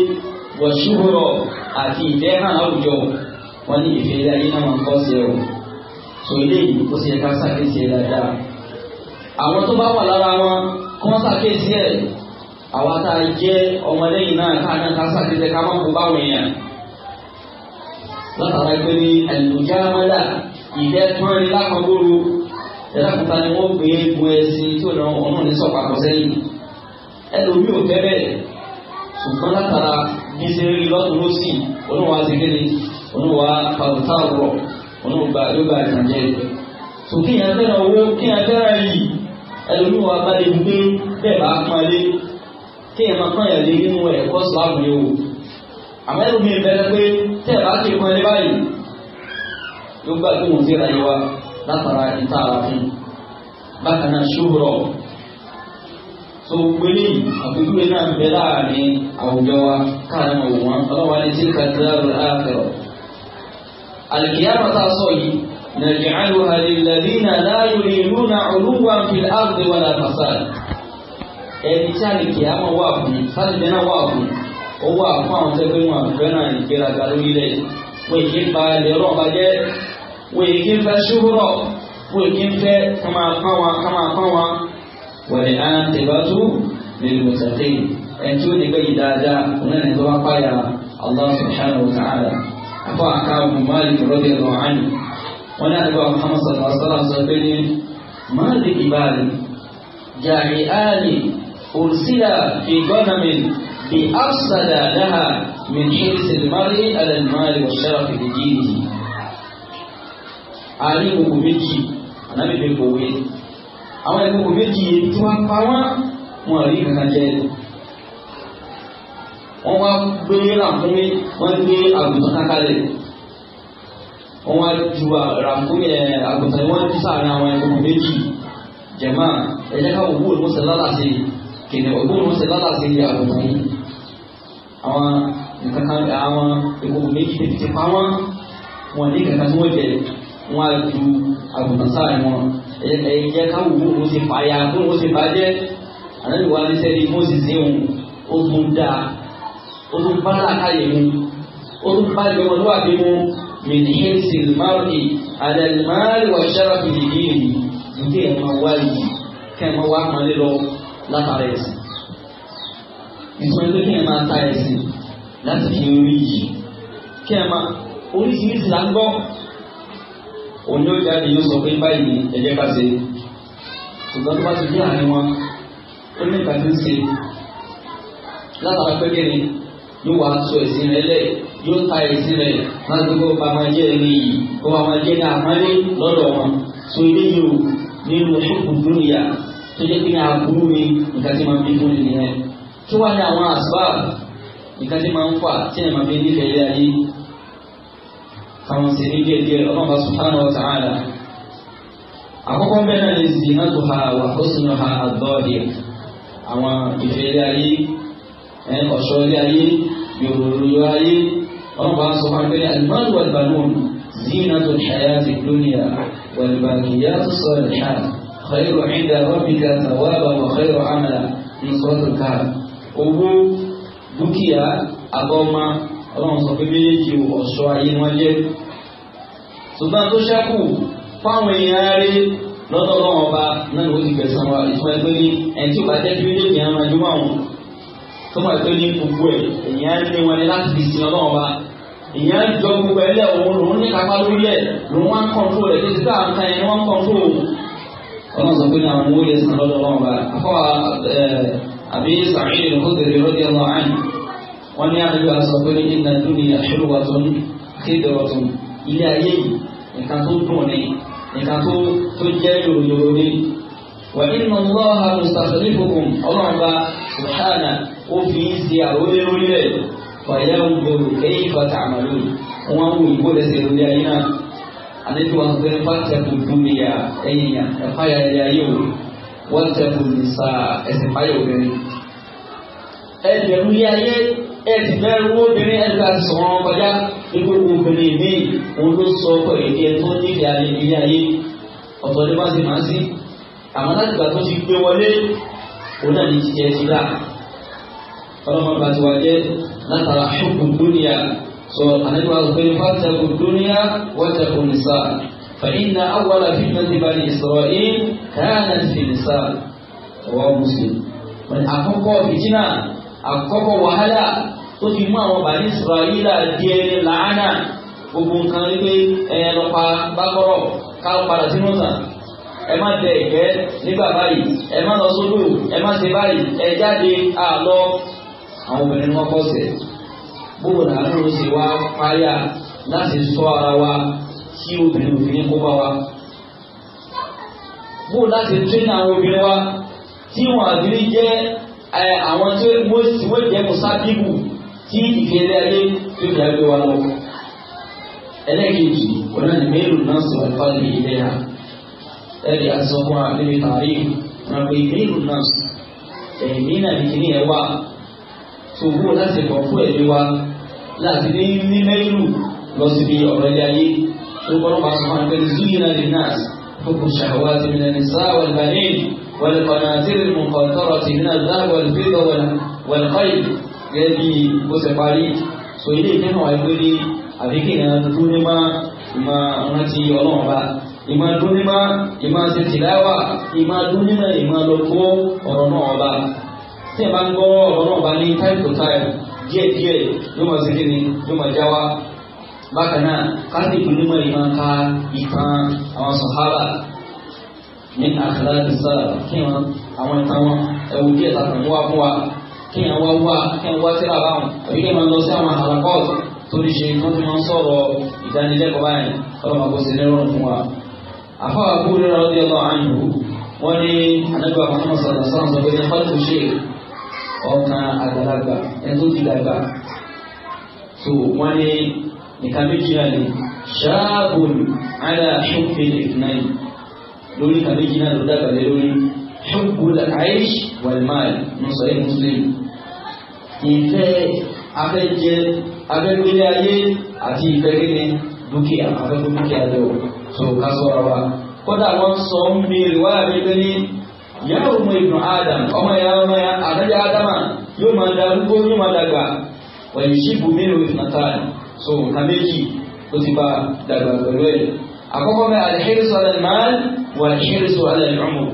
[SPEAKER 1] wọ̀ṣúhùrọ̀ àti ìdẹ́hàn àwùjọ wọn ní ìfẹ́ ayé náà wọn kọ́ sí ẹ̀rọ tó léyìí ó sì yẹ ká ṣàkíyèsí ẹ̀ dáadáa. àwọn tó bá wà lára wọn kí wọ́n ṣàkíyèsí ẹ̀ àwa tá a jẹ́ ọmọlẹ́yìn náà ká náà ká ṣàkíyèsí ká má kó báwọn èèyàn. látara pé ní àlùjáàmọ́lá ìdẹ́túnrin ẹlẹ́kùnta ni wọ́n gbé egbò ẹsìn tí ó na ọ̀nà ní sọ̀pàkọ̀ sẹ́yìn ẹlòmí ò fẹ́ bẹ́ẹ̀ ṣùgbọ́n látara bí ṣe ló sì yẹn fẹ́ràn owó kí yẹn fẹ́ràn yìí ẹlòmí wa bá lè gbé bẹ́ẹ̀ bá pọn lé kí yẹn máa pọn yẹn lé nínú ẹ̀kọ́ sùláàbù yẹn o àmọ́ pé tẹ́ẹ̀ bá báyìí látara ìta àràfin bákan náà ṣòro tó gbélé àpèjúwe náà bẹ láàrin àwùjọ wa káàrin àwòrán ọlọ́wà ní tí kàdúrà àkàrọ̀ alìkìyàmọ̀ tá a sọ yìí نجعلها للذين لا يريدون علوا في الأرض ولا فسادا ẹni tí àlìkìyàmọ̀ wà fún sátidé náà wà fún ó wà fún àwọn tẹ́gbẹ́ wọn àgbẹ̀ náà ìgbéraga lórílẹ̀ wọ́n ìgbé ba ọlọ́ọ̀bá jẹ́ ويكين فالشهرة ويكين في كما القوى كما القوى والآن تباتوا للمتقين أنتو نبي دادا هنا نتوى قايا الله سبحانه وتعالى أفا أكاو مالك رضي الله عنه وانا أبا محمد صلى الله عليه وسلم مالك إبالي جاعئاني أرسل في غنم بأفسد لها من حيث المرء على المال والشرف لدينه a ní kòkò méjì ànábì fi kò wé àwọn ẹ̀kọ́ méjì yìí tí wọ́n pa wọ́n wọn rí kankan jẹ wọ́n wá gbé ràkúnmí wọ́n gbé àgùntàn kankalẹ̀ wọ́n wá ju ràkúnmí ẹ̀ àgùntàn wọ́n ti sàárín àwọn ẹ̀kọ́ méjì jẹ̀má ẹ̀jẹ̀ káwọn ògbóhùn ló ń sẹ̀ lálàá sí kìnìún ògbóhùn ló ń sẹ̀ àgùntàn yìí àwọn nǹkan kan àwọn ẹ̀kọ́ méjì tètè pa wọ́n wọ́n ní kankan tí wọ́n jẹ wọn á ju àgùntàn sáàrin wọn ẹ̀yẹ jẹ́ káwù bó ló ṣe fàyà bó ló ṣe bàjẹ́ ànábì wa ní sẹ́ni bó sì sí òun ó tún dáa o tún bá làákàyè mu ó tún bá ìjọba ló wà bí mu mìíràn sí márùn-ún àdàlùmáàlì wà ṣẹ́ra fìdí yìí nígbà yẹn máa wá yìí kẹ́ ẹ̀ máa wá kan lé lọ látara ẹ̀sìn ìsọ̀rọ̀ pé kí ẹ máa ta ẹ̀sìn láti fi orí yìí kí ẹ máa oríṣiríṣi là ń gbọ́ òun yóò jáde yóò sọ pé báyìí ẹ̀jẹ̀ ká ṣe ṣùgbọ́n tó bá ti dé àárín wọn ó ní ìgbà tí ń ṣe látara pé kí ni yóò wá aṣọ ẹ̀sìn rẹ lẹ̀ yóò ta ẹ̀sìn rẹ láti kó ba máa jẹ́ ẹni yìí kó ba máa jẹ́ ní àmọ́lé lọ́dọ̀ wọn so ilé yìí o nínú ṣùkùn dúnìyà tó jẹ́ pé ní aburú ni nǹkan tí máa ń bí fún nìyẹn kí wá ní àwọn àṣùbà nǹkan tí máa ń fà tí ẹ̀ máa fi nífẹ̀ẹ́ káwọn ṣe ní díẹ̀ díẹ̀ ọlọ́mọba subhanahu wa ta'ala àkọ́kọ́ bẹ́ẹ̀ náà ní zinatuha wa husnuha ad-dahir àwọn ìfẹ́ ilé ayé ọ̀ṣọ́ ilé ayé yòròyò ayé ọlọ́mọba subhanahu wa ta'ala al-mal wal banun zinatul hayatid dunya wal baqiyatus salihat khayru 'inda rabbika thawaban wa khayru 'amalan ní suratul kahf owó dúkìá àbọ̀mọ́ ọlọ́run sọ pé méjèèjì ọ̀ṣọ́ ayé wọn jẹ́ ṣùgbọ́n tó ṣẹ́kù fáwọn èèyàn rí lọ́dọ̀ ọlọ́run ọba náà ló ti gbẹ̀sán wa ìtumọ̀ ẹgbẹ́ ní ẹni tí ò bá jẹ́ kí méjèèjì á máa dúró àwọn tó máa tó ní gbogbo ẹ̀ èèyàn ní wọn ni láti fi sin ọlọ́run ọba èèyàn jọ gbogbo ẹ lẹ òun lòun ní kápá lórí ẹ lòun wá ń kọńtró rẹ títí tá à ń kan ẹni wọn ń kọńtró ọlọ́run sọ pé ní àwọn owó lè san lọ́dọ̀ ọlọ́run ọba àfọwà àbí sàmìlì ló kó tẹ̀lé rọ́dí ọlọ́run àná wọ́n ní àdúgbò sọ pé ní nínú dúnìyà ṣòwò tó ń kéde ọ̀tún ilé ayé yìí nǹkan tó dùn ní nǹkan tó tó jẹ́ yòròyòrò ní. wà nínú lọ́ha mustaqlifukum ọlọ́run bá subhana ó fi ń ṣe àrólé lórí rẹ̀ fàyà ń gbòòrò kéyìn fata àmàlú wọn wù ìgbó lẹsẹ̀ lórí ayé náà. àlejò wọn pé fàtẹkù dúnìyà ẹ̀yìn ẹ̀fáyà ilé ayé wò wọ́n tẹkù nìsa ẹ̀sìn ẹ̀sìn bẹ́ẹ̀ wo obìnrin ẹ̀ka sọ̀rọ̀ kọjá gbogbo obìnrin mi òun ló sọ ọkọ èdè tó nílẹ̀ ayé ilé ayé ọ̀tọ̀ ní wáṣí máa sí àmọ́ láti gbà tó ti gbé wọlé òun náà ní jíjẹ ti rà ọlọ́mọ bá ti wá jẹ́ látara ṣùkùn dúnìyà sọ àníbà pé fàtẹ̀kùn dúnìyà wọ́tẹ̀kùn nìsà فإن أول فتنة بني إسرائيل كانت في النساء رواه مسلم من أقوى فتنة àkọ́kọ́ wahala tó ti mú àwọn bàbá ìsirayílà di ẹni làánà gbogbo nǹkan wípé ẹyẹ lọ́pa sínú ẹ má tẹ ìgbẹ́ nígbà báyìí ẹ má lọ sódò ẹ má ṣe báyìí ẹ jáde àlọ àwọn obìnrin ni wọ́n wa obìnrin wa láti àwọn tí wọ́n jẹ́ kó sábìbù tí ìfẹ́lẹ́ ayé tó dà gbé wa lọ. ẹlẹ́kejì wọn náà ní mélòó náà sọ̀rọ̀ fáwọn ilé yà ẹ̀rí àsọ̀kun àbẹ̀rẹ̀ tààrí náà pé mélòó náà ẹ̀mí náà ní kíní ẹ̀ wà tó wú láti kọ̀ fún ẹ̀mí wa láti ní ní mélòó lọ síbi ọ̀rọ̀ ilé ayé tó gbọ́dọ̀ bá sọ̀rọ̀ àbẹ̀rẹ̀ zúyìnà lè náà fún ṣàwọ́ àti والقناطير المقنطرة من الذهب والفضة والخيل gẹ́gẹ́ bó ṣe parí so ilé ìfẹ́ náà wáyé pé àbí kí ni adúdú ní máa ìmọ̀ rántí ọlọ́run bá ìmọ̀ adúdú ní máa ìmọ̀ náà bá tí ẹ̀ bá ń gbọ́ ọ̀rọ̀ náà bá ní time to time díẹ̀ díẹ̀ yóò máa ṣe ni yóò máa já bákan náà káàdì ìpínlẹ̀ ìmọ̀ ká ìtàn àwọn sàhábà ní àkàrà ìsára kí wọn àwọn ìtàn wọn ẹwù díẹ̀ tàbí wá fún wa kí wọn wá wá kí wọn wá síra báwọn àbí kí wọn lọ sí àwọn àlàkọ́ọ̀tù torí ṣe kí wọn fi máa ń sọ̀rọ̀ ìdánilẹ́kọ̀ọ́ báyìí ọlọ́mọ kò sí lẹ́rọ̀ fún wa. àfọwọ́ àbúrò rẹ̀ ọdí ọlọ́ àyìnbó wọ́n ní anábíwá mọ́tàmọ́ sọ̀rọ̀ sọ̀rọ̀ sọ̀rọ̀ pé ní ṣe ọkàn àgbàlagbà ẹni ti dàgbà. tó wọ́n ní nìkan méjì ṣáàbùn àdá ṣùkè ìfúnáyìí lórí kàméjì náà ló dàgbà lé lórí hubbul aish wal mal nùsọ̀rọ̀ muslim ìfẹ́ afẹ́jẹ afẹ́gbélé ayé àti ìfẹ́ kíni dúkìá afẹ́gbé dúkìá lọ tó ká sọ́ra wa kódà wọ́n sọ ń bí ìwà mi pé ní yàrá ọmọ ibnu adam ọmọ ya ọmọ ya àtẹ́jẹ́ adama yóò máa da arúgbó yóò máa dàgbà wọ̀nyí ṣíbù mélòó ìfúnatá so kàméjì ó ti bá dàgbà pẹ̀lú ẹ̀ àkọ́kọ́ bẹ́ẹ̀ al-hirsu ala al-mal wal-hirsu ala al-umr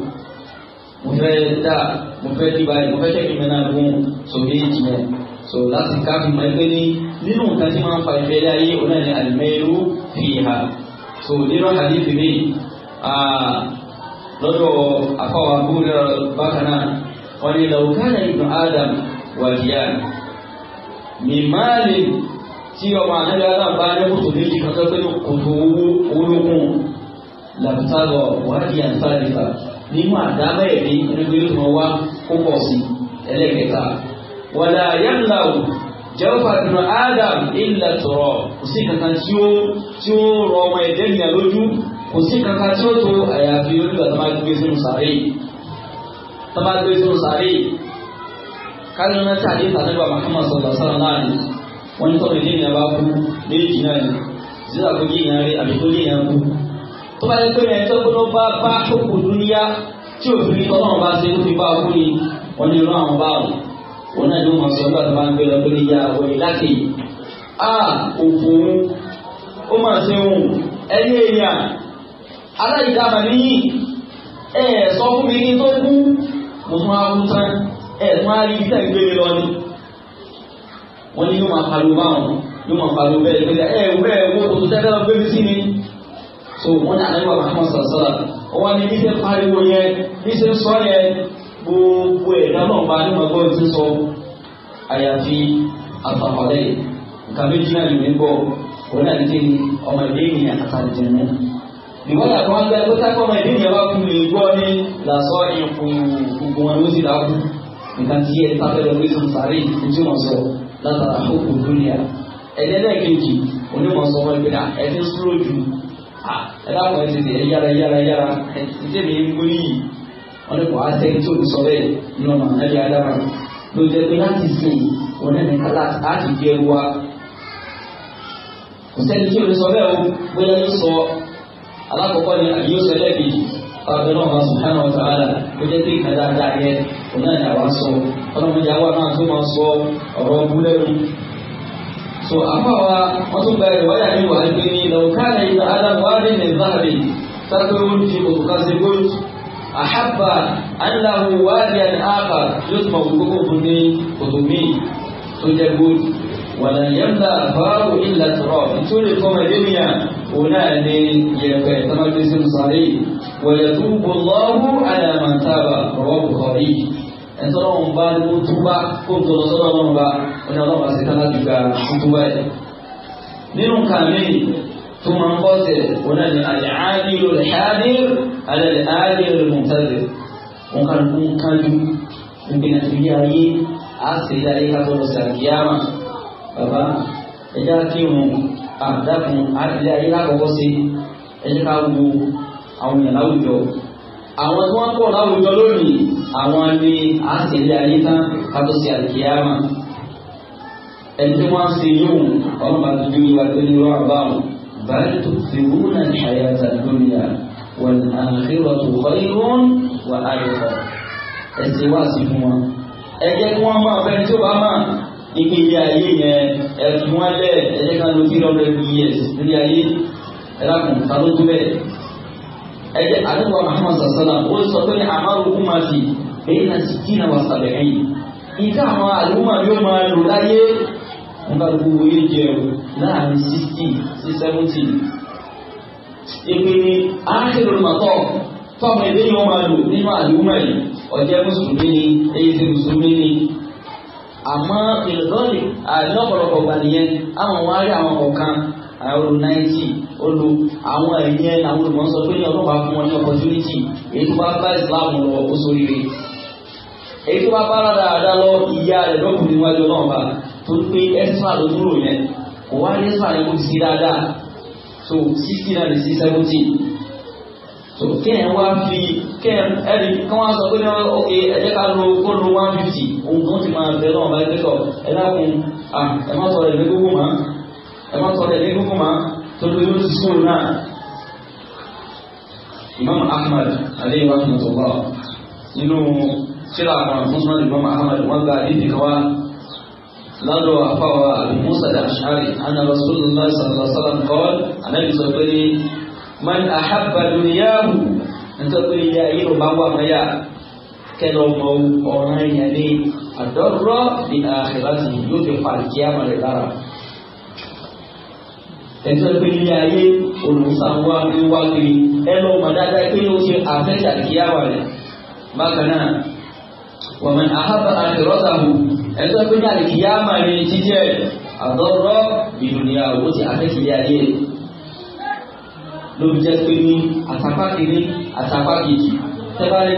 [SPEAKER 1] mo fẹ́ dá mo fẹ́ dí báyìí mo fẹ́ tẹ̀lé mi náà gún so méjì mọ́ so láti káfí mọ́ ẹgbẹ́ ní nínú nǹkan tí máa ń fa ìfẹ́ láyé tí ọmọ ànábì adam bá ní kòtò méjì kan tó pé kòtò owó olókun làbùtàgọ wádìí àǹfàànífà nínú àdámẹ́ ẹ̀mí ẹnubí ló wá kó pọ̀ sí ẹlẹ́kẹta wàlá yàmlàwù jẹ́wọ́fà dùnà adam ilẹ̀ tọ̀rọ̀ kò sí kankan tí ó tí ó rọ ọmọ ẹ̀dẹ́ ènìyàn lójú kò sí kankan tí ó tó àyàfi olúwa tó máa gbé sínú sàárè tó máa gbé sínú sàárè kálí náà tàbí tàbí bàbá kọ́mọ̀ sọ̀rọ̀ sọ̀rọ̀ náà nìyí wọ́n ní tọ́lẹ̀ ní ìyàn bá kú méjì náà ni zíra kó kí ìyàn rí àbí kó kí ìyàn kú. tó bá yẹ pé ẹ̀ tó gbọ́dọ̀ bá bá kókò dúníyá tí òfin tọ́lọ́run bá ṣe lófin bá kú ni wọ́n ní irú àwọn báwọn wọn náà ló mọ̀ sí ọgbà tó bá ń gbé lọ lórí ya wọlé láti a òfin ó mà ṣe òun ẹni èèyàn aláìdáàmà níyì ẹ sọ fún mi ní tó kú mo tún á kú tán ẹ tún á rí iṣẹ́ lọ ni wọ́n ní yóò máa pariwo báwọn yóò máa pariwo bẹ́ẹ̀ pé ẹ wúrẹ́ mo tó tẹ́lẹ̀ lọ gbébí sí ni. so wọ́n ní àlẹ́ wàhálà kan sọ̀rọ̀sọ̀rọ̀ wọ́n ní bí ṣe pariwo yẹn bí ṣe sọ yẹn gbogbo ẹ̀dá náà bá ní màgbọ́ ti sọ àyàfi àtàkọ́lẹ̀ nǹkan méjì náà lè gbọ́ òun náà ti ọmọ ìdí ènìyàn àtàlẹ́jẹ̀ náà ìwọ́n yà kọ́ ọ́nà ẹgbẹ́ sákọ́ ọmọ ìdí ìyẹn bá kún lè gbọ́ ní làásọ ìkùn gbogbo wọn ló sì dákú nǹkan tí ẹ sáfẹ́ lọ gbé sọ̀rọ̀ sàárè ní tí wọ́n sọ látara àkókò lónìí à ẹlẹ́lẹ́kejì onímọ̀ sọ fún ẹgbẹ́ náà ẹ ti súró ju ẹlẹ́kọ̀ọ́ ti tẹ̀ yára yára yára ẹ ti tẹ̀lé gbóni yìí wọ́n kò á sẹ́ni tó sọ bẹ́ẹ̀ nínú ọmọ ẹ̀rí adára ló pé láti kálá láti wa kò tó sọ o bóyá yóò sọ ni yóò sọ ọlọ́run subhanahu wa ta'ala ó jẹ́ pé ìkàdá dáadẹ́ òun náà ni àwa sọ ọlọ́run jẹ́ àwa náà tó máa sọ ọ̀rọ̀ búlẹ́rù so àfàwà wọ́n tún bẹ̀rẹ̀ wáyà ní wàá gbé ní lọ́kàlẹ̀ ìgbà aláwárí ní záàbì sákòrò ti òkùnkàsí gold àhábà aláwọ̀ wáyà ní àbà yóò tún máa gbogbo fún ní ويتوب الله على من تاب رواه البخاري ẹni tó lọ́wọ́ ń bá ló túbá kó n tọrọ sọ́dọ̀ ọlọ́run bá ọjà ọlọ́run bá ṣetán láti gba túbá ẹ̀. nínú kàmí tó máa ń kọ́ tẹ̀ wọn ni àlẹ́hàdì lórí hàdì àlẹ́hàdì lórí mọ̀tàdì wọn kàn ń kájú nígbìnà tó yá ayé á sì rí ayé ká tọrọ sàkíyàmà bàbá ẹjá kírun àdàkùn á rí ayé lákọ̀ọ́kọ́ sí ẹjá ká wo àwọn èèyàn láwùjọ àwọn tí wọ́n pọ̀ láwùjọ lónìí àwọn ni à ń tẹ̀lé ayé tán ká tó ṣe àlùkìyàmà ẹni tí wọ́n ṣe yóò ọlọ́run bá dúdú yìí wá pé ní rọ́ọ̀ báwọn báyìí tó fi wúnà ìṣàyà tàdúnyà wọn àǹfẹ́rọ̀ tó kọ́ irun wà á lè kọ́ ẹsẹ̀ wá sí fún wọn. ẹ kí wọ́n máa fẹ́ni tí ó bá máa ipe ilé ayé yẹn ẹ̀fún wọn lẹ̀ ẹ lọ́dọ̀ ẹ̀kú yẹ̀ lórí ayé ẹ̀rákùn ta ló tó bẹ́ẹ̀ ẹ̀jẹ̀ àdúgbò Muhammad sasana ó sọ pé àmàlù kú máa fi èyí náà ti kí náà wà sàbẹ̀ ẹ̀yìn ìka àwọn àlùmọ̀ yóò máa lò láyé nígbà gbogbo yìí jẹ láàrin sixty sí seventy ìpè ní àákìlò màtọ́ tọ́mọ ilé yóò máa lò nínú àlùmọ̀ yìí ọ̀jẹ̀ mùsùlùmí ni èyí ti mùsùlùmí ni àmọ́ ìrọ̀lẹ́ àlọ́pọ̀lọpọ̀ gbà nìyẹn àwọn wárí àwọn kọ̀ọ̀kan àwọn ninety Olu, lu àwọn ẹ̀yẹn àwọn olùmọ̀ sọ pé ní ọlọ́pàá fún wọn ní opportunity èyí tó bá bá Islam lọ ó sórí rẹ̀ èyí tó bá bá dáadáa lọ ìyá rẹ̀ lọ́kùnrin níwájú ọlọ́ọ̀bà tó ń pé ẹ́sífà ló dúró yẹn kò wá ní ẹ́sífà yẹn kó ti sí dáadáa so sixty náà sí seventy so kéèyàn wá fi kéèyàn ẹni kí wọ́n sọ pé ní ok ẹ̀jẹ̀ ká lo kó lo one fifty ohun tó ti máa bẹ̀rẹ̀ ọ̀bá ẹgbẹ́ sọ ẹ dákun ẹ má sọ ẹ̀ gbogbo mọ́ ẹ má sọ ẹ̀ gbogbo mọ́. torí ló ti sóun náà imam ahmad aleyhi rahmatulah nínú tíra kan fún sunan imam ahmad wọn gba àdìdì kan wá lọ́dọ̀ àfáwà àbímúsà dàṣárì anna rasulullah sallallahu alaihi wa sallam kọ́ọ̀l anábì sọ pé man ahabba duniyahu nítorí ilé ayé ló bá wà mẹ́yà kẹ́lọ́ mọ́ ọ̀ràn ìyẹn ní àdọ́rọ́ ní àkìlá sí yóò fi pàrọ̀ kíámà rẹ̀ lára. ẹ̀tọ́ pé nílé ayé olùsànwó akéwà kiri ẹ lọ mọ̀ dáadáa pé ó ṣe àfẹ́tà kíyàwó rẹ̀ bákan náà wọ́n mọ̀ àhábà àtẹ̀rọ́sàmù ẹ̀tọ́ pé náà kíyàmà rẹ̀ jíjẹ́ àdọ́rọ́ ìdùnnìyà owó ti àfẹ́tìlẹ̀ ayé ló jẹ́ pé ní àtàpá àtàpá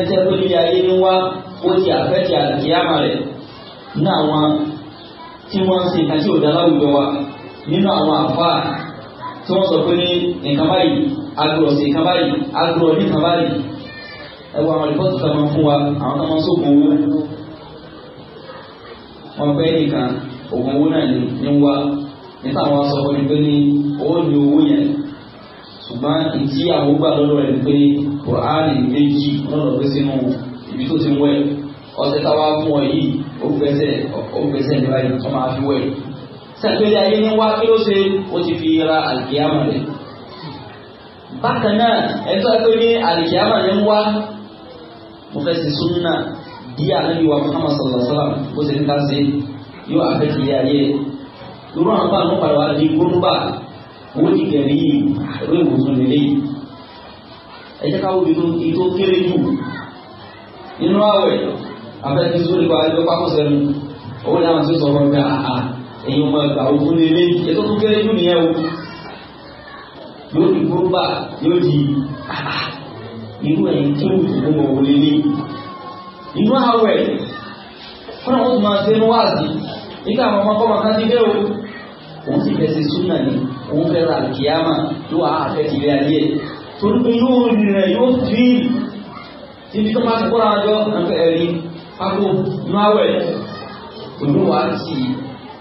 [SPEAKER 1] jẹ́ pé nílé ayé wá ó ti kíyàmà rẹ̀ ní àwọn tí wọ́n ń nínú àwọn àfáà tí wọ́n sọ pé ní nǹkan báyìí agbọ̀rọ̀ sí nǹkan báyìí agbọ̀rọ̀ ní nǹkan báyìí ẹ wọ àwọn rìpọ́tù kan máa fún wa àwọn kan máa sókun owó wọn pẹ́ nìkan ògùn owó náà ní wá nípa àwọn aṣọ ọkọ ni pé ní owó ní owó yẹn ṣùgbọ́n ìtí àwọn gbà lọ́dọ̀ rẹ̀ ni pé kòránì méjì lọ́dọ̀ pé sínú ibi tó ti wẹ̀ ọ̀sẹ̀ táwa fún ọ yìí ó gbẹ́sẹ̀ ó gbẹ́sẹ̀ nípa tó máa fi wẹ̀ sẹ́pẹ̀lẹ̀ ayé ní wá kí ló ṣe ó ti fi ra àlìkìyàmọ̀ rẹ̀ bákan náà ẹ̀tọ́ ẹ̀tọ́ ní àlìkìyàmọ̀ rẹ̀ ń wá mo fẹ́ sí súnà bí ànábi wa Muhammad sallallahu alaihi wa sallam bó ṣe ń ká sí yóò àfẹ́kì ilé ayé irú àwọn báwọn padà wà ní gbóngbà owó ti gẹ̀rí yìí ìwé ìwòsàn lélẹ̀ ẹ jẹ́ ká wo ibi tó kéré jù nínú àwẹ̀ àfẹ́kì sórí wa ẹgbẹ́ pákó sẹ́nu owó ní àwọn tó sọ̀rọ̀ ń bẹ àhà èyí ọmọ ẹgbà ogun lè lé yìí ẹtọ́ tó kéré jù nìyẹn o yóò di gbóngbà yóò di irú ẹ̀yìn tí ó ti gbóngbà wò lé lé inú àwẹ̀ fúnra wọn tún máa ṣe ń wáàsí nígbà àwọn ọmọ ọmọ kan ti dé o òun sì fẹ́ ṣe súnà ni òun fẹ́ ra kíámà yóò á fẹ́ kiri ayé ẹ̀ torí pé yóò rìn rẹ̀ yóò fi ibi tó máa ti kóra jọ ẹ̀rí pákó inú àwẹ̀ òun wà á ti.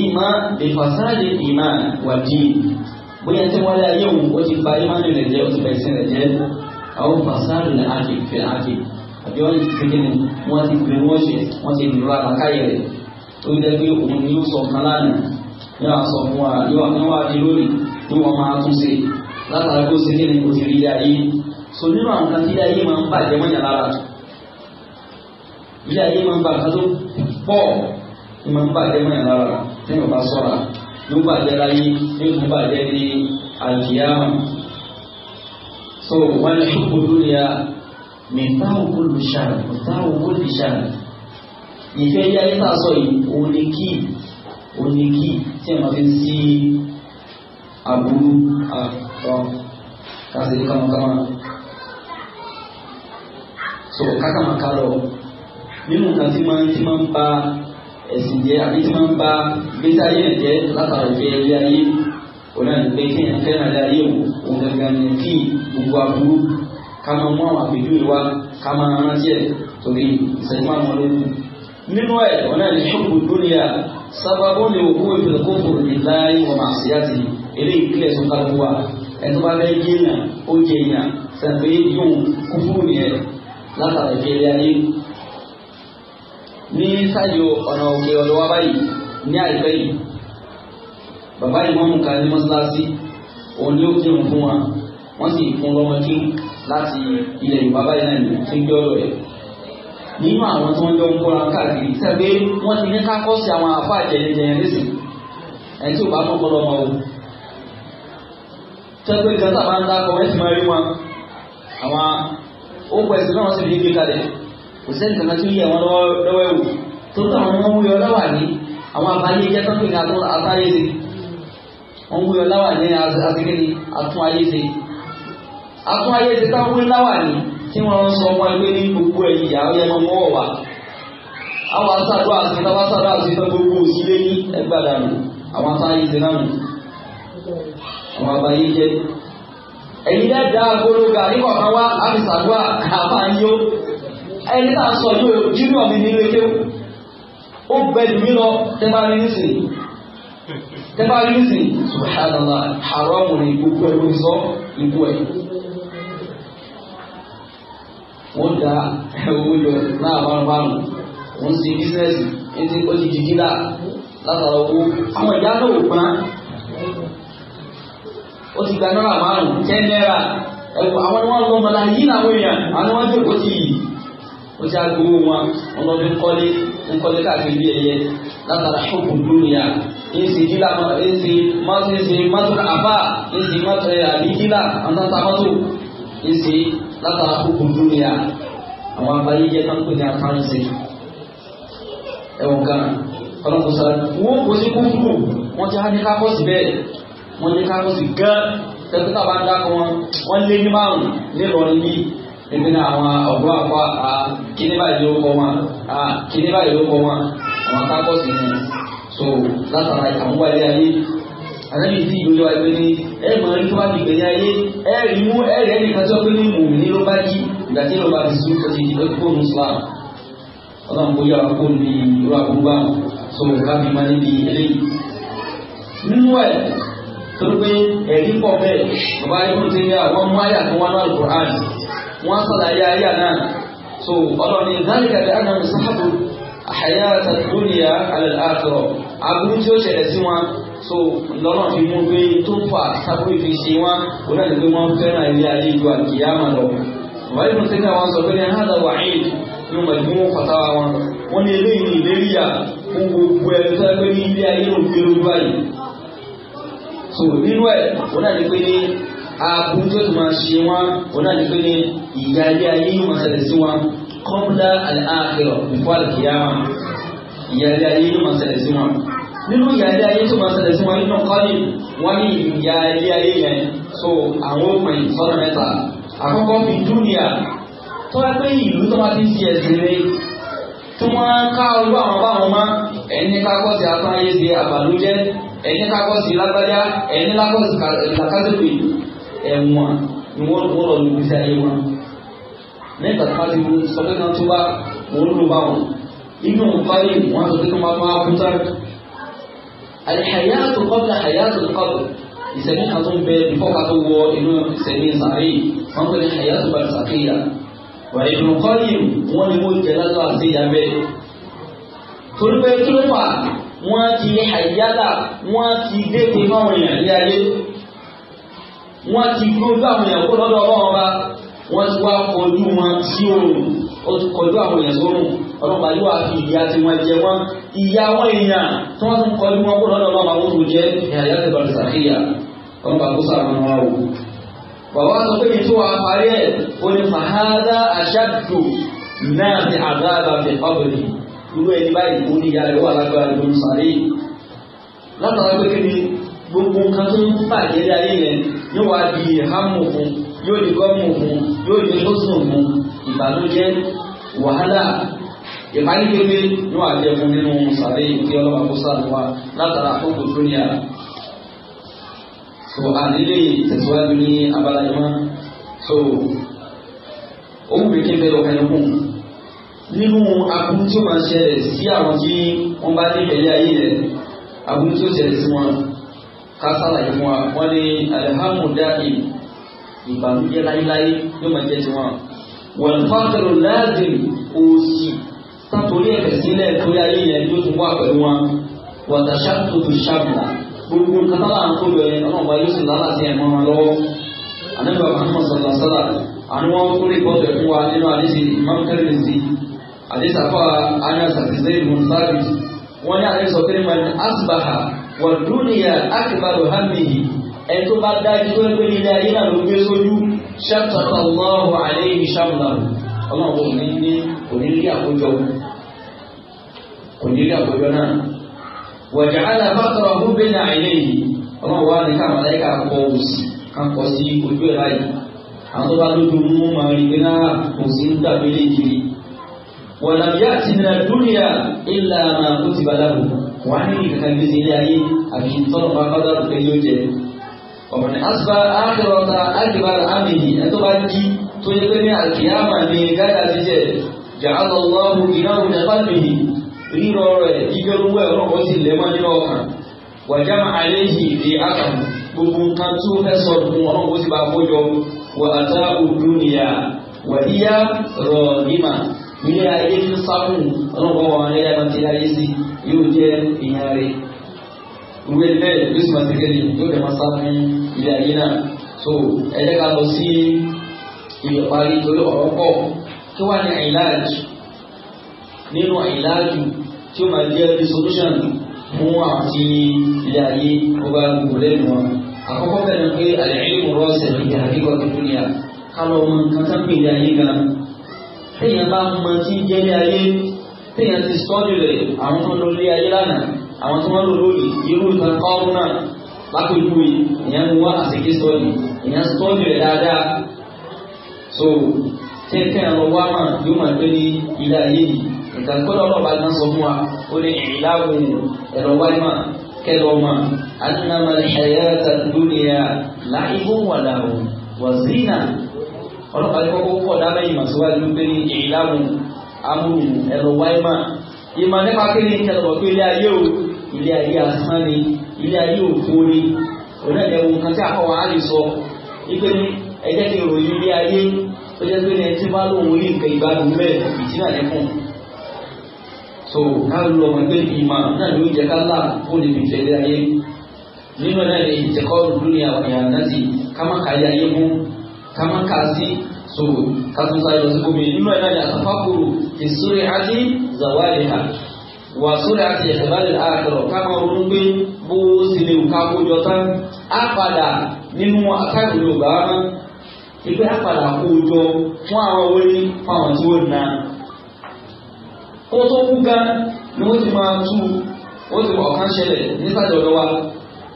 [SPEAKER 1] ìmọ̀ ìfàsáàdì ìmọ̀ wàdí bóyá tí wọ́n lé ayé òun ó ti ba ìmọ̀ rẹ̀ jẹ́ ó ti bẹ̀rẹ̀ sí rẹ̀ jẹ́ àwọn fàsáàdì ní àkè fẹ́ àkè àbí wọ́n ti fi kíni wọ́n ti gbé wọ́n ṣe wọ́n ti nìrọ̀ àlàkáyè rẹ̀ tó ń dẹ́ pé òun ni yóò sọ kan yóò sọ fún wa yóò wá di lórí tí wọ́n máa tún ṣe látara kó ṣe kíni kò sì rí ilé ayé so nínú àwọn kan tí ilé ayé máa ń bàjẹ́ mọ́nyà lára ilé ayé máa ń bàjẹ́ tó pọ̀ ìmọ̀ ń bàjẹ́ mọ́nyà lára tí yóò bá sọ̀ra yóò bàjẹ́ láyé yóò tún bàjẹ́ ní àlùkìyámà. so wọ́n ní ṣùkú dúnìyà mìtáwù kò lù ṣàrù mìtáwù kò lù ṣàrù. ìfẹ́ yá yíta sọ yìí oníkì oníkì tí a máa fi sí aburú àtọ́ kásìlì kàmọ́kàmọ́. so kákàmọ́ká lọ nínú nǹkan tí máa ń bá ẹ̀sìn jẹ́ àbí tí wọ́n ń ba gbèsè ayé rẹ̀ jẹ́ látara ìfẹ́ ilé ayé ọ̀nà ìgbé kéèyàn fẹ́ràn ilé ayé wò òun gangan ní kí gbogbo aburú ká máa mú àwọn àpèjúwe wa ká máa rántí ẹ̀ torí ìṣẹ́jú máa mọ́ lókun. nínú ẹ̀ ọ̀nà ìṣòkò dúnìyà sábàbọ̀ lè wò kó ìfẹ́ kó fòrò ní láyé wọn máa ṣe láti eré ìpínlẹ̀ tó ká ló wà ẹni tó bá fẹ́ yé èèyàn ó jẹ èèyàn sẹ́ńpé yóò kú fún ìyẹn látara ìfẹ́ ilé ayé N'ihe sáàjò ọ̀nà òkè ọ̀lọ́wà báyìí ní àìpẹ́ yìí Baba ìmọ̀mù kan ní mọ́sálásí òun ni ó kí òun fún wa wọ́n sì fún lọ́mọ láti Yorùbá báyìí náà ń gbé nínú àwọn tí wọ́n jọ ń kóra káàkiri sẹ́gbẹ́ wọ́n ti ní kákọ́ sí àwọn àfa àjẹyẹjẹyẹ nísìn ẹni tí ò bá o ìjọba bá ń máa rí kò sẹ́ni kankan tí ó yẹ wọn lọ́wọ́ tó àwọn wúyọ láwà ní àwọn tó ṣe wọn wúyọ láwà ní ní ayé ṣe ayé ṣe táwọn wúyọ láwà ní tí wọn sọ ní gbogbo àwọn àti táwọn àti gbogbo ní àwọn ṣe
[SPEAKER 2] náà
[SPEAKER 1] àwọn ẹni tá a sọ yóò júnior mi ní ilé kéwù ó bẹ mí lọ tẹ́gbà rí nísìnyí tẹ́gbà rí nísìnyí subhanallah ikuku gbogbo ẹ̀ sọ ikú ẹ̀ wọ́n da owó jọ náà bárúbárù wọ́n ṣe bísínẹ́sì ẹni ó ti jìjì dá látara owó àwọn ìyá náà ó ti gba náírà márùn-ún ẹ̀kọ́ àwọn yìí ó já gbowó wọn ọlọ́dún ń kọ́lé ń kọ́lé káàkiri bí ẹyẹ látara ṣọ́ọ̀bù lónìyà èsì dílà èsì mọ́tò èsì mọ́tò àbá èsì mọ́tò àbí dílà àtàtà mọ́tò èsì látara ṣọ́ọ̀bù lónìyà àwọn abáyé jẹ́ tán pé ní àfáànsì ẹ̀wọ̀n gan ọlọ́kùn sára wọ́n kò sí kúkú wọ́n ti há ní kákọ́sì bẹ́ẹ̀ wọ́n ní kákọ́sì gan tẹ́kítà níbi náà àwọn ọ̀gbọ́n àpá kíní báyìí ló kọ́ wọn kíní báyìí ló kọ́ wọn àwọn kákọ́sì ni so látara ìtàmúwá ilé ayé ànábì tí ìgbélé wa gbé ní ẹ máa rí tó bá gbègbè ní ayé ẹ rí mú ẹ rí ẹnìkan tó gbé ní mòmí ní ló bá yí ìgbà tí ló bá ti sùn ti di lókè fóònù islam ọlọ́run kò yára kó ní irú àbúrú bá so ká fi máa níbi eléyìí nínú ẹ̀ torí pé ẹ̀rí pọ̀ bẹ́ẹ̀ bàbá ibùdó ti yá wọ́n mú àyà tó wá náà Al-Qur'an wọ́n sàlàyé àyà náà so ọlọ́ni ìdáríkà bí àná mi sábàbù àyà tàdúnyà al-akhirah aburú tí ó ṣẹlẹ̀ sí wọn so lọ́nà fi mú pé tó fà sábà fi ṣe wọn kò náà lè pé wọ́n fẹ́ràn ilé ayé ju àkìyàmà lọ bàbá ibùdó ti yá wọn sọ pé ní hàdà wa'id ní mọ̀lẹ́mú fatawa wọn wọ́n ní eléyìí ní ìlérí so nínú ẹ̀ òun náà ni pé ní aburú tó tún máa ṣe wọn òun náà ni pé ní ìyá ilé ayé yóò máa ṣẹlẹ̀ sí wọn kọ́ńdà àlàáfíà before àlùkìyàmà ìyá ilé ayé yóò máa ṣẹlẹ̀ sí wọn nínú ìyá ilé ayé tó máa ṣẹlẹ̀ sí wọn nínú kọ́lì wọ́n ní ìyá ilé ayé yẹn so àwọn òpin sọ́nà mẹ́ta àkọ́kọ́ fi dúnìyà tó wá pé ìlú tó wá ti ń ṣe ẹ̀sìn rẹ̀ tó wọ́n ká olú àwọn báwọn máa ẹni kákọ́sì àtúnyé di àbàlújẹ́ ẹni kákọ́sì lágbájá ẹni lákọ́sì làkàtúntì ẹ̀wọ̀n ni wọ́n wọ́n lọ lùbí sí ayé wọn. nígbà tó bá ti wù sọ pé kan tó bá wọ́n lù bá wọn inú nǹkanì wọn sọ pé kí wọ́n máa kú tán. àyàtò kọ́bùlà àyàtò kọ́bù ìsẹ̀mí kan tó ń bẹ bífọ́ ká tó wọ inú ìsẹ̀mí sàárè wọn pè ní àyàtò bá sàkéyà wà ìdùnkọ́ni wọn ni mo jẹ lásán àti ìyá torí pé kí ló fà wọ́n ti àyíyáda wọ́n ti dédé fáwọn èèyàn ní ayé wọ́n ti gbójú àwọn èèyàn kó lọ́dọ̀ ọlọ́run ọba wọ́n ti wá kọjú wọn sí òòrùn ó ti kọjú àwọn èèyàn sórùn ọlọ́pàá yóò wá fi ìyá tí wọ́n jẹ wọ́n ìyá wọn èèyàn tí wọ́n tún kọjú wọn kó lọ́dọ̀ ọlọ́run àwọn tó jẹ́ ìyá tó bàtà sàkíyà ọlọ́pàá kó sàrànà wọn o. bàbá sọ pé ètò àparí ẹ̀ ó ní fàhádà náà ti àdáàbà irú ẹni báyìí kò ní ìyá rẹ̀ wà lágbára lórí sàárè látara pé kí ni gbogbo nǹkan tó ń bàjẹ́ láyé yẹn yóò wá di ìhámù fún yóò di gọ́mù fún yóò di lọ́sùn fún ìbànújẹ́ wàhálà ìbánikébé yóò àjẹ fún nínú sàárè ìpè ọlọ́wà kó sáà wá látara àkókò tó ní àrà. so àdílé tẹ̀síwájú ní abala yìí mọ́ so ó wù mí kí n bẹ̀rẹ̀ nínú aburú tí ó máa ṣẹlẹ̀ sí àwọn tí wọ́n bá ní ìbẹ̀lẹ̀ ayé rẹ̀ aburú tí ó ṣẹlẹ̀ sí wọn ká sàlàyé fún wa wọ́n ní alhamu dáì ìbànújẹ́ láíláí ló máa jẹ́ tiwọn. wọ́n fàtẹ̀rù láàzìm òsì sátorí ẹ̀fẹ̀ sílẹ̀ torí ayé yẹn tó tún wà pẹ̀lú wọn wàtàṣà tó tún ṣàbùnà gbogbo kátàlà ń kó lọ yẹn ọlọ́run yóò sì lálàsí ẹ̀ mọ́ wọn lọ́wọ́ àdéṣàfà anas àti zayd bin sabit wọ́n ní àdéṣọ pé man asbaha wà dúnìyà akbaru hamihi ẹni tó bá dájú tó ń pè ní ilé ayé náà ló gbé sójú ṣàtàtà lọ́wọ́ àléyìn ṣàmùlàmù ọlọ́run ní ní kò àkójọ kò àkójọ náà wọ̀jà alábàtọ̀ ọ̀húnbẹ́ ní àìléyìn ọlọ́run wà ní káwọn aláìka kọ òsì kan sí ojú ẹ̀ láyìí àwọn tó bá lójú mú máa rí náà ah, kò ń dàbí lé ولم يأت من الدنيا إلا ما كتب له وعني كان بزيني أكيد طرف قدر في اليوجد ومن أصبح آخرة أكبر عمله أتبعدي تجبني القيامة من قد أتجد جعل الله جناه لقلبه ريرو يجروا ويروحوا سلما يروحا وجمع عليه في أكبر بمن كان تفسر ومن كتب أفوجه وأتاه الدنيا وهي رانمة ilé ayé tó sákùn ọlọ́pàá wọn ní ẹ̀rọ ti ayé sí yóò jẹ́ ìyá rẹ̀ ìwé bẹ́ẹ̀ yóò sì máa ṣe kéde yóò dẹ̀ máa sá fún ilé ayé náà so ẹ jẹ́ ká lọ sí ìparí torí ọ̀rọ̀ pọ̀ kí wà ní àìláàjù nínú àìláàjù tí ó máa jẹ́ bí solution fún àti ilé ayé tó bá gbogbo lẹ́nu wọn àkọ́kọ́ bẹ̀rẹ̀ pé àlẹ́ ìlú rọ́ọ̀sẹ̀ ìgbà àkíkọ́ tuntun ni à ká lọ mọ nǹkan tán pè ní ayé gan-an téèyàn bá mọ tí ń jẹ́lé ayé téèyàn ti sọ́jú rẹ̀ àwọn tó lọ lé ayé lánàá àwọn tó wọ́n lò lórí irú ìtàn kọ́ọ̀rún náà lápèjúwe ìyẹn mú wá àṣekí sọ́ọ̀lì ìyẹn sọ́ọ̀lì rẹ̀ dáadáa so tẹ́tẹ́ ọ̀rọ̀ wá mà yóò máa gbé ní ilé ayé yìí nǹkan kọ́dọ̀ ọ̀rọ̀ bá gbọ́n sọ fún wa ó ní ìlàgùn ẹ̀rọ wáyé mà kẹlọ mà adúlámàlẹ̀ ẹ̀yà tàdúnyà láìbó wàlà wà zínà ọlọ́pàá kọ́kọ́ fọ̀ dáná ìmọ̀ síwájú pé ní ìlànà amúmi ẹ̀rọ wáìmà ìmọ̀ nípa kí ni kẹlọ̀bọ̀ pé ilé ayé o ilé ayé asán ni ilé ayé òfo ni onídàá ẹ̀wọ̀n kan tí àkọ́wọ́ á lè sọ ipe ní ẹjẹ́ kí ìròyìn ilé ayé tó jẹ́ pé ní ẹtí bá so káàlù ọmọ ẹgbẹ́ ìmọ̀ náà ló jẹ́ ká là ó lè fi fẹ́lẹ́ ayé nínú náà lè jẹ́kọ́ lórí àwọn ìyànnà sí ká má kà sí so ká tún sáyọ sí omi nínú ẹ̀ náà ni àtàfàkùrù ìsúrí àti zawali ha wà sórí àti ìṣẹ̀bálẹ̀ àkọlọ̀ ká máa ronú pé bó sì lè ká kójọ tán á padà nínú àtàkùn yorùbá ìgbé á padà kójọ fún àwọn wọlé fún àwọn tí wọ́n na ó tó kú gan ni wọ́n ti máa tú ó ti wọ̀ ọ̀kan ṣẹlẹ̀ nísàjọ́ lọ́wọ́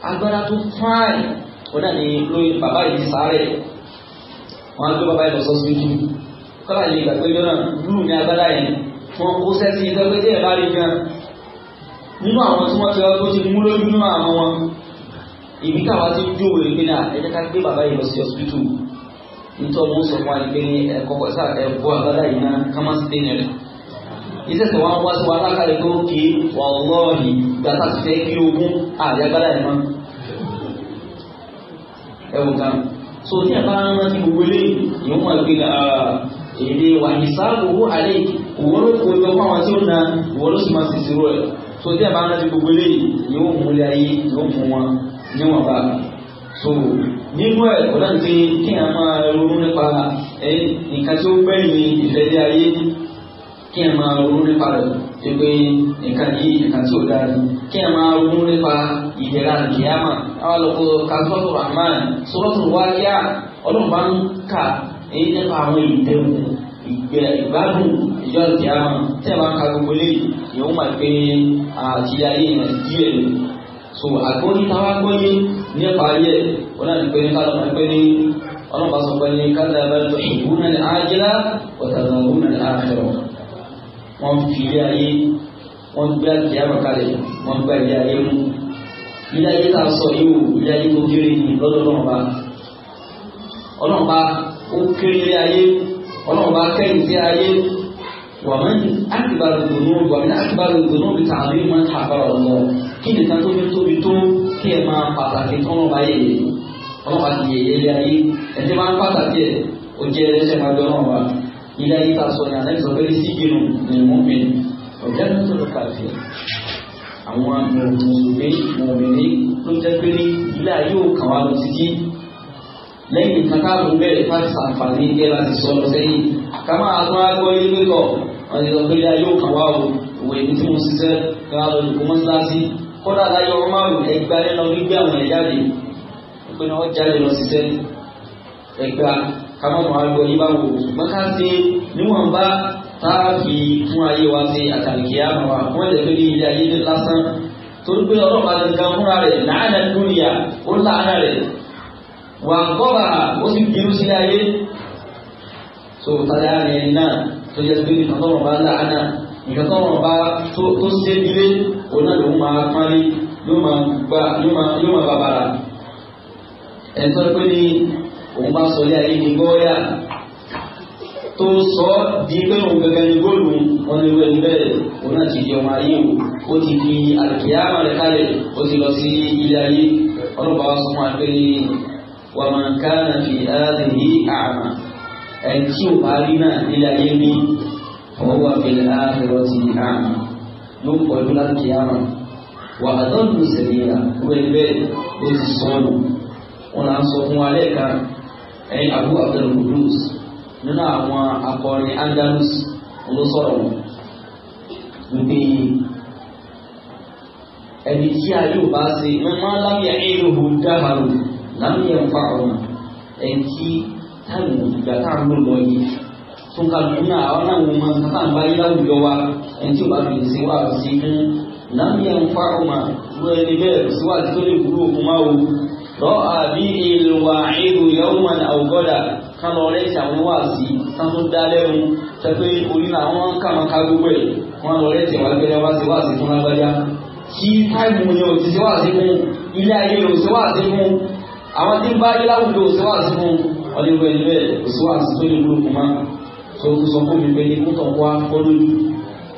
[SPEAKER 1] agbára tó fáìn ó dà ní lóyún bàbá yìí sáré wọn ló bàbá ìlọsọ sí ojú kọ́lá lè gbà pé lọ́nà lúrù ní agbádá yẹn wọn kó sẹ́sì ìtọ́gbẹ́jẹ́ ẹ̀ bá rí gan nínú àwọn tí wọ́n ti lọ ti mú lójú nínú àwọn wọn ìbí káwa ti ń jó òwe pé náà ẹ ká gbé bàbá sí ọsibítù nítorí wọn sọ fún wa pé yìí náà ká má so ní ẹ̀bá rántí gbogbo ilé ìwọ́n máa gbé èdè wà ìsáàbò owó àlẹ́ òwò ló kó lọ fáwọn tí ó na òwò ló sì máa sì sírò ẹ̀ so ní ẹ̀bá rántí gbogbo ilé ìwọ́n mú ilé ayé ìwọ́n mú wọn níwọ̀n bá so nínú ẹ̀ kò náà ti kí a máa ronú nípa ẹ nǹkan tí ó gbẹ̀yìn ìfẹ́ dé ayé kí a máa ronú nípa rẹ̀ pé nǹkan yìí nǹkan tí ó dára kí a máa ronú nípa ìdẹ̀ra kìámà àwọn lọ́kọ́ kàlùfọ́tò rahman sọ́rọ́tò wáyà ọlọ́run bá ń kà èyí nípa àwọn ìdẹ́kùn ìgbẹ́ ìgbádùn ìjọ ìdíyàmà tẹ́ ẹ̀ máa ka gbogbo eléyìí yóò máa gbé àti ayé yẹn díẹ̀ ni so àgbóyí táwa gbóyí nípa ayé wọn náà ti pé ní kálọ̀ máa pé ní ọlọ́run bá sọ pé ní kálọ̀ bá tó ṣubú náà ní ájílá ọ̀tàzà òun náà ní àkẹrọ wọn fi ilé ayé wọn gbé àdìyàmà kalẹ̀ wọn gbé ilé ayé mú ilé ayé tá a sọ yìí o ilé ayé tó kéré ni lọ́dọ̀ ọlọ́ọ̀ba ọlọ́ọ̀ba ó kéré ilé ayé ọlọ́ọ̀ba kẹ́yìn sí ayé wà á ní àkìbàlù dùnú wà á ní àkìbàlù dùnú bí tààrí máa ń tàbá ọ̀lọ́ kí nìkan tóbi tóbi tó kí ẹ máa pàtàkì tọ́lọ́ba yìí ọlọ́ọ̀ba ti yẹ ilé ayé ẹtí máa ń pàtàkì ẹ ó jẹ ẹlẹ́sẹ̀ máa gbé ọlọ́ọ̀ba ilé ayé tá a sọ ní àlẹ́ ìsọ̀rọ̀ àwọn mùsùlùmí mùmìnì tó jẹ́ pé ní ilé ayé ò kàn wá lọ títí lẹ́yìn kankan ló bẹ̀rẹ̀ fáti sàǹfààní ilé láti sọ lọ sẹ́yìn ká máa tó wá gbọ́ ilé kọ̀ wọ́n ti sọ pé ilé ayé ò kàn wá o òwe mi tí mo ṣiṣẹ́ ká lọ lùkú mọ́ṣáláṣí kódà láyé ọmọ márùn ẹgbẹ́ alẹ́ lọ gbígbé àwọn ẹ̀yà rè pé ní wọ́n jáde lọ ṣiṣẹ́ ẹgbẹ́ ká má tó wá gbọ́ yí báwo ṣùgbọ́n ká táàfì fún ayé wa ṣe àtàlùkìá wa wọ́n lè lórí ilé ayé ní lásán torí pé ọlọ́pàá ti gan fúnra rẹ̀ láàánà lóríyà ó láàánà rẹ̀ wà gọ́bà ó sì bínú sí ayé tó tàdá rẹ̀ náà tó jẹ́ pé nǹkan tọ́rọ̀ bá láàánà nǹkan tọ́rọ̀ bá tó ṣe dílé òun náà ló máa parí ló máa bàbàrà ẹ̀ńtọ́ pé ní òun bá sọ ilé ayé ní gọ́ọ́yà tó sọ di pé òun gẹ́gẹ́ ní góòlù ọ̀nàwé níbẹ̀ òun náà ti di ọmọ ayé o ó ti di àlùkìyàmọ̀ rẹ̀ kalẹ̀ ó ti lọ sí ilé ayé ọlọ́pàá sọ fún wa pé wà máa ká náà fi áàdì ní àmà ẹni tí ò bá rí náà nílé ayé ní ọwọ́ wà fi áàdì lọ sí àmà ló ń pọ̀jù láàlùkìyàmọ̀ wà á tọ́jú sẹ̀míyà ó bẹ̀ bẹ́ẹ̀ ó ti sọ nínú àwọn akọrin Andalus ló sọ̀rọ̀ wọn wípé ẹni tí a yóò bá ṣe mọ́mọ́ lábẹ́ ẹ̀rọ dáhàrò lábẹ́ ẹ̀fà ọ̀hún ẹni tí táwọn ìgbà táwọn ló lọ yìí tó ń kàlù nínú àwọn náà wọn máa ń kàtà ń báyé láwùjọ wa ẹni tí ò bá fi ṣe wà sí fún lábẹ́ ẹ̀fà ọ̀hún wọ́n ẹni bẹ́ẹ̀ síwájú tó lè wúlò fún máa wò lọ́ àbí ìlú wa ìlú yẹ́wùmọ̀ àwùgọ́dà ká lọ rẹ́ ti àwọn wáàsí tán tó dá lẹ́nu tẹ́ pé orí náà wọ́n ń kà máa ká gbogbo ẹ̀ wọ́n lọ rẹ́ ti wà gbẹ́rẹ́ wá sí wáàsí fún lágbájá kí táìmù yẹn ò ti ṣe wáàsí fún ilé ayé ò ṣe wáàsí fún àwọn tí ń bá ayé láwùjọ ò ṣe wáàsí fún ọdún ẹni bẹ́ẹ̀ kò sí wáàsí tó lè gbólókùn máa so sọ fún mi pé ní kó tàn wá olóyún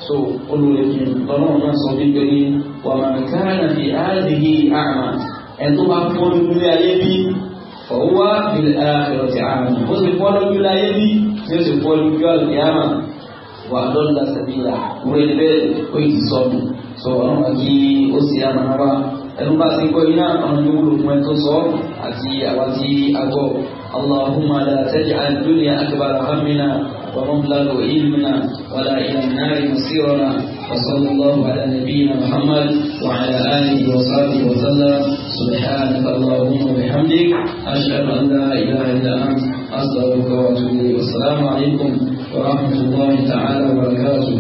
[SPEAKER 1] so olùrẹ̀kùn lọ́nà náà sọ fún mi pé ní wàmàkánà fi áàdì yìí àmà fọwọ́ bíi àkìrọ̀tì àmì ó sì fọ́ lójú láyé bí tí ó sì fọ́ lójú àlùkìyàmà wà lọ́la sàbíyà wúrẹ́ ní bẹ́ẹ̀ ó yìí sọnù sọ ọlọ́run àti ó sì yára náà wá ẹnu bá ti gbọ́ iná ọ̀nà yóò wúlò fún ẹ tó sọ àti àwa ti agbọ́ اللهم لا تجعل الدنيا أكبر همنا ومبلغ علمنا ولا إلى النار مصيرنا وصلى الله على نبينا محمد وعلى آله وصحبه وسلم سبحانك اللهم وبحمدك أشهد أن لا إله إلا أنت أستغفرك وأتوب إليك والسلام عليكم ورحمة الله تعالى وبركاته.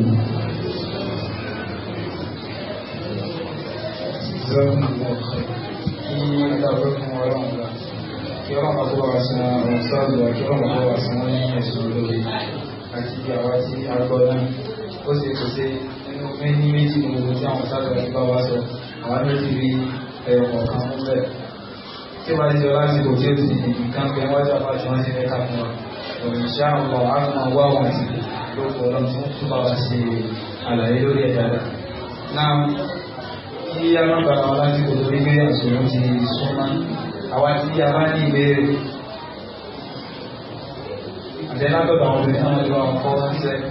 [SPEAKER 2] Thank you. ẹ̀yọ̀ kọ̀ọ̀kan mú bẹ́ẹ̀ tí wọ́n ti jọ lásìkò tí ó ti nǹkan pé wọ́n jà bá ti wọ́n ti mẹ́ta fún wọn lòun ṣá ọ̀pọ̀ àtúmọ̀ wá wọn ti lóko ọlọ́run tó ń túbọ̀ wá sí àlàyé lórí ẹ̀dá rẹ̀ náà kí a má bàa wọn lásìkò tó rí pé àṣòro ti súnmọ́ àwa tí a bá ní ìbéèrè àtẹnátọ̀dọ̀ àwọn obìnrin náà lọ́wọ́ kọ́ sílẹ̀.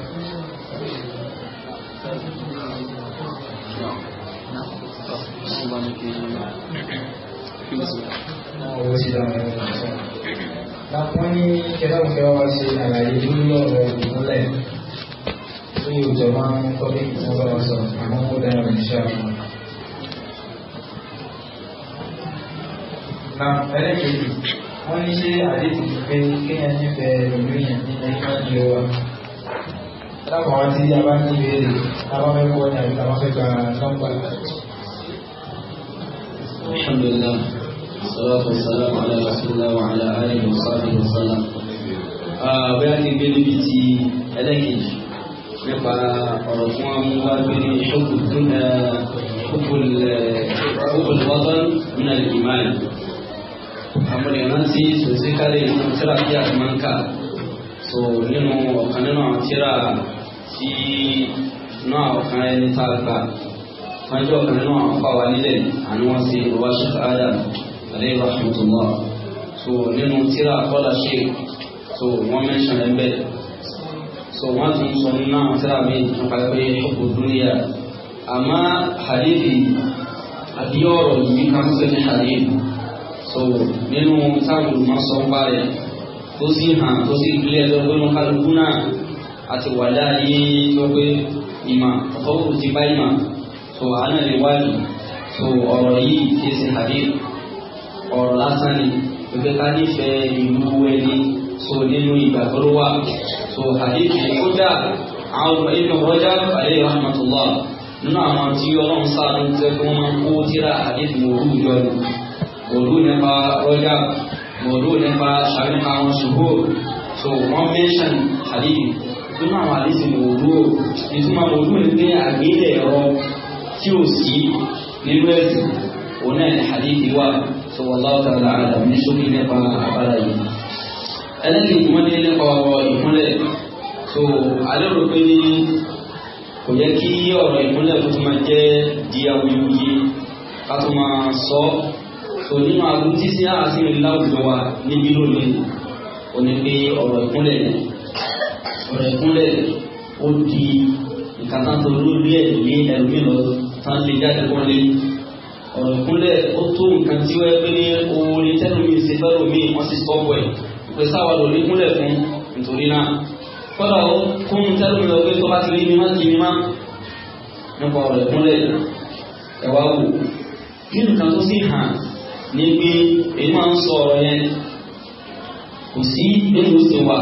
[SPEAKER 2] Lápọ́n ní kẹlẹ́wọ̀fẹ́ wá ṣe àlàyé lórí ọ̀rọ̀ ìmúlẹ̀ tó yóò jọ máa ń tọ́lé ìfúnbọ̀rọ̀ sọ àwọn ó dára ìṣẹ́ àwọn. Na ẹlẹ́kẹ̀ẹ́ wọ́n ní ṣe àdéhùn pé kéèyàn nífẹ̀ẹ́ lòmíràn nílẹ̀ ìmọ̀lẹ̀ wa. Lápọ̀ wá tí a bá ní ìbéèrè, a bá fẹ́ kọ́ ní àbí a bá fẹ́ gba nọ́mbà
[SPEAKER 1] الحمد لله والصلاة والسلام على رسول الله وعلى آله وصحبه وسلم bóyá kí n gbé níbi ti ẹlẹ́kejì nípa ọ̀rọ̀ tí wọ́n mú wá gbé ní ṣókùnkùn wọ́tán nínú ìmáàlì àwọn èèyàn ti sòsí kálẹ̀ nínú tíra tí a ti máa ń kà so nínú ọ̀kan nínú àwọn tíra tí náà ọ̀kan ẹni tá a gbà wọ́n jọ ọ̀kan nínú àwọn afáwa nílẹ̀ àni wọ́n ṣe olúwa sheikh adam alayhi rahmatullah so nínú tíra kọ́lá sheikh so wọ́n mẹ́sàn ẹ̀ bẹ́ẹ̀ so wọ́n tún sọ nínú àwọn tíra mi nípa pé ọkọ̀ dúnìyà àmọ́ hadithi àbí ọ̀rọ̀ yìí kan pè ní hadithi so nínú táwọn olùmọ̀sọ́ ń bá rẹ̀ tó sì hàn tó sì gbé ẹjọ́ pé wọ́n kálukú náà àti wàdá yìí tó pé ìmọ̀ ti bá ìmọ̀ so àánà lè wá lù so ọ̀rọ̀ yìí kìí ṣe àdé ọ̀rọ̀ lásán ni pẹ̀pẹ́ ká nífẹ̀ẹ́ ìlú ẹni so nínú ìgbà tó wà so àdé kìí ó dà àwọn ọmọ inú rọjá àlẹ́ rahmatullah nínú àwọn tí ọlọ́run sáàdún tẹ́ fún wọn kó tíra àdé mòrú jọ mòrú nípa rọjá mòrú nípa ṣàríkà àwọn ṣòro so wọ́n mẹ́ṣàn àdé nínú àwọn àdé mòrú ìtumọ̀ mòrú ní àgbélẹ̀ ẹ̀rọ tí ò sí nínú ẹ̀sìn òun náà ní hadithi wa sallallahu ta'ala alam ní sókè nípa abala yìí ẹlẹ́yìn wọ́n ní nípa ọ̀rọ̀ ìkúnlẹ̀ so alérò pé ní kò yẹ kí ọ̀rọ̀ ìkúnlẹ̀ tó ti máa jẹ́ di awuyewuye ká tó máa sọ so nínú àgùn tí sí àṣírí láwùjọ wa níbí lónìí ò ní pé ọ̀rọ̀ ìkúnlẹ̀ ọ̀rọ̀ ìkúnlẹ̀ ó di ìkàtàntò lórí ẹ̀ tán lè jáde wọlé ọ̀rọ̀ ìkúnlẹ̀ ó tó nǹkan tí wọ́n pé ní owó ní tẹ́lu mi ṣe fẹ́rù mi wọ́n sì sọ́pọ̀ ẹ̀ pé sáwà lò ní kúnlẹ̀ fún nítorí náà kọ́dà ó kún tẹ́lu mi lọ pé tó bá ti rí mi má ti rí má nípa ọ̀rọ̀ ìkúnlẹ̀ ẹ̀wá wò kí nǹkan tó sì hàn ní pé èyí máa ń sọ ọ̀rọ̀ yẹn kò sí nínú ìṣèwà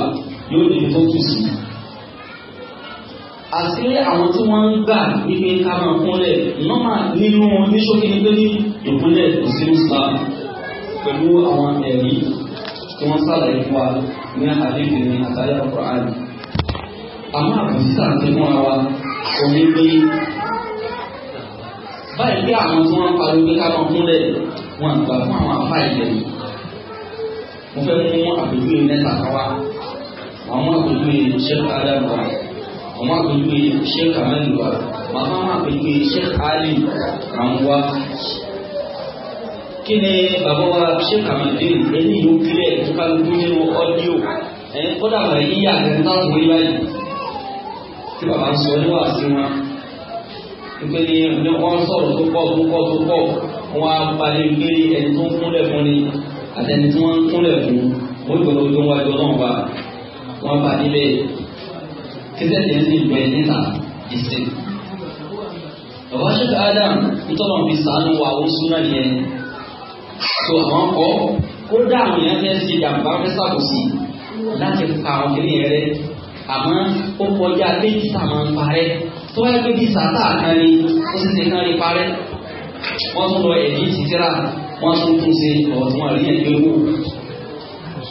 [SPEAKER 1] yóò ní tó tù sí i àti àwọn tí wọ́n ń gbà wípé ká máa kúnlẹ̀ nọ́mà nínú oníṣòkè ní pé ní ìkúnlẹ̀ kò sí ìsìlá pẹ̀lú àwọn ẹ̀rí tí wọ́n sàlàyé fún wa ní àdéhùn ní àtàyà ọkọ̀ àlè. àmọ́ àbùsísà ti mú ara omi pé báyìí pé àwọn tí wọ́n ń parí pé ká máa kúnlẹ̀ wọn àgbà fún àwọn afá ìlẹ̀ mo fẹ́ mú àpèjúwe mẹ́ta káwá àwọn àpèjúwe ṣẹ́kọ̀ọ́ ọmọ àpèjúwe sheikh ahmed wa màmá má àpèjúwe sheikh ali àmúwa kí ni wa sheikh ahmed ẹni yóò kílẹ̀ tó bá gbóyè ọ́díò ẹ̀ kódà wà yíyá àgbẹ̀ náà wọ́n yí báyìí tí bàbá ń sọ níwà sí wọn nígbà ní ní wọ́n sọ̀rọ̀ tó pọ̀ tó pọ̀ tó pọ̀ wọ́n á balẹ̀ gbé ẹni tó ń kúnlẹ̀ fún ni àtẹni tí wọ́n ń kúnlẹ̀ fún wọ́n gbọ́dọ̀ tó ń wájú ọlọ́run wa wọ́n bá níbẹ̀ kíkẹ́ tẹ̀ sí ìgbẹ́ níta ìsìn. bàbá adam nítorí fi sàánú wa ó súná nìyẹn tó o kọ́ kódà àwọn èèyàn fẹ́ sí ìjàmbá fẹ́ sàkóso láti pa àwọn kìnìyàn rẹ àmọ́ ó kọjá léjì sàmọ́ ń parẹ́ tó wáyé pé bí sàtà kan ni ó sì ti kan ní parẹ́ wọ́n tún lọ ẹ̀dí títírà wọ́n tún tún ṣe ọ̀tún àríyàn tó wù.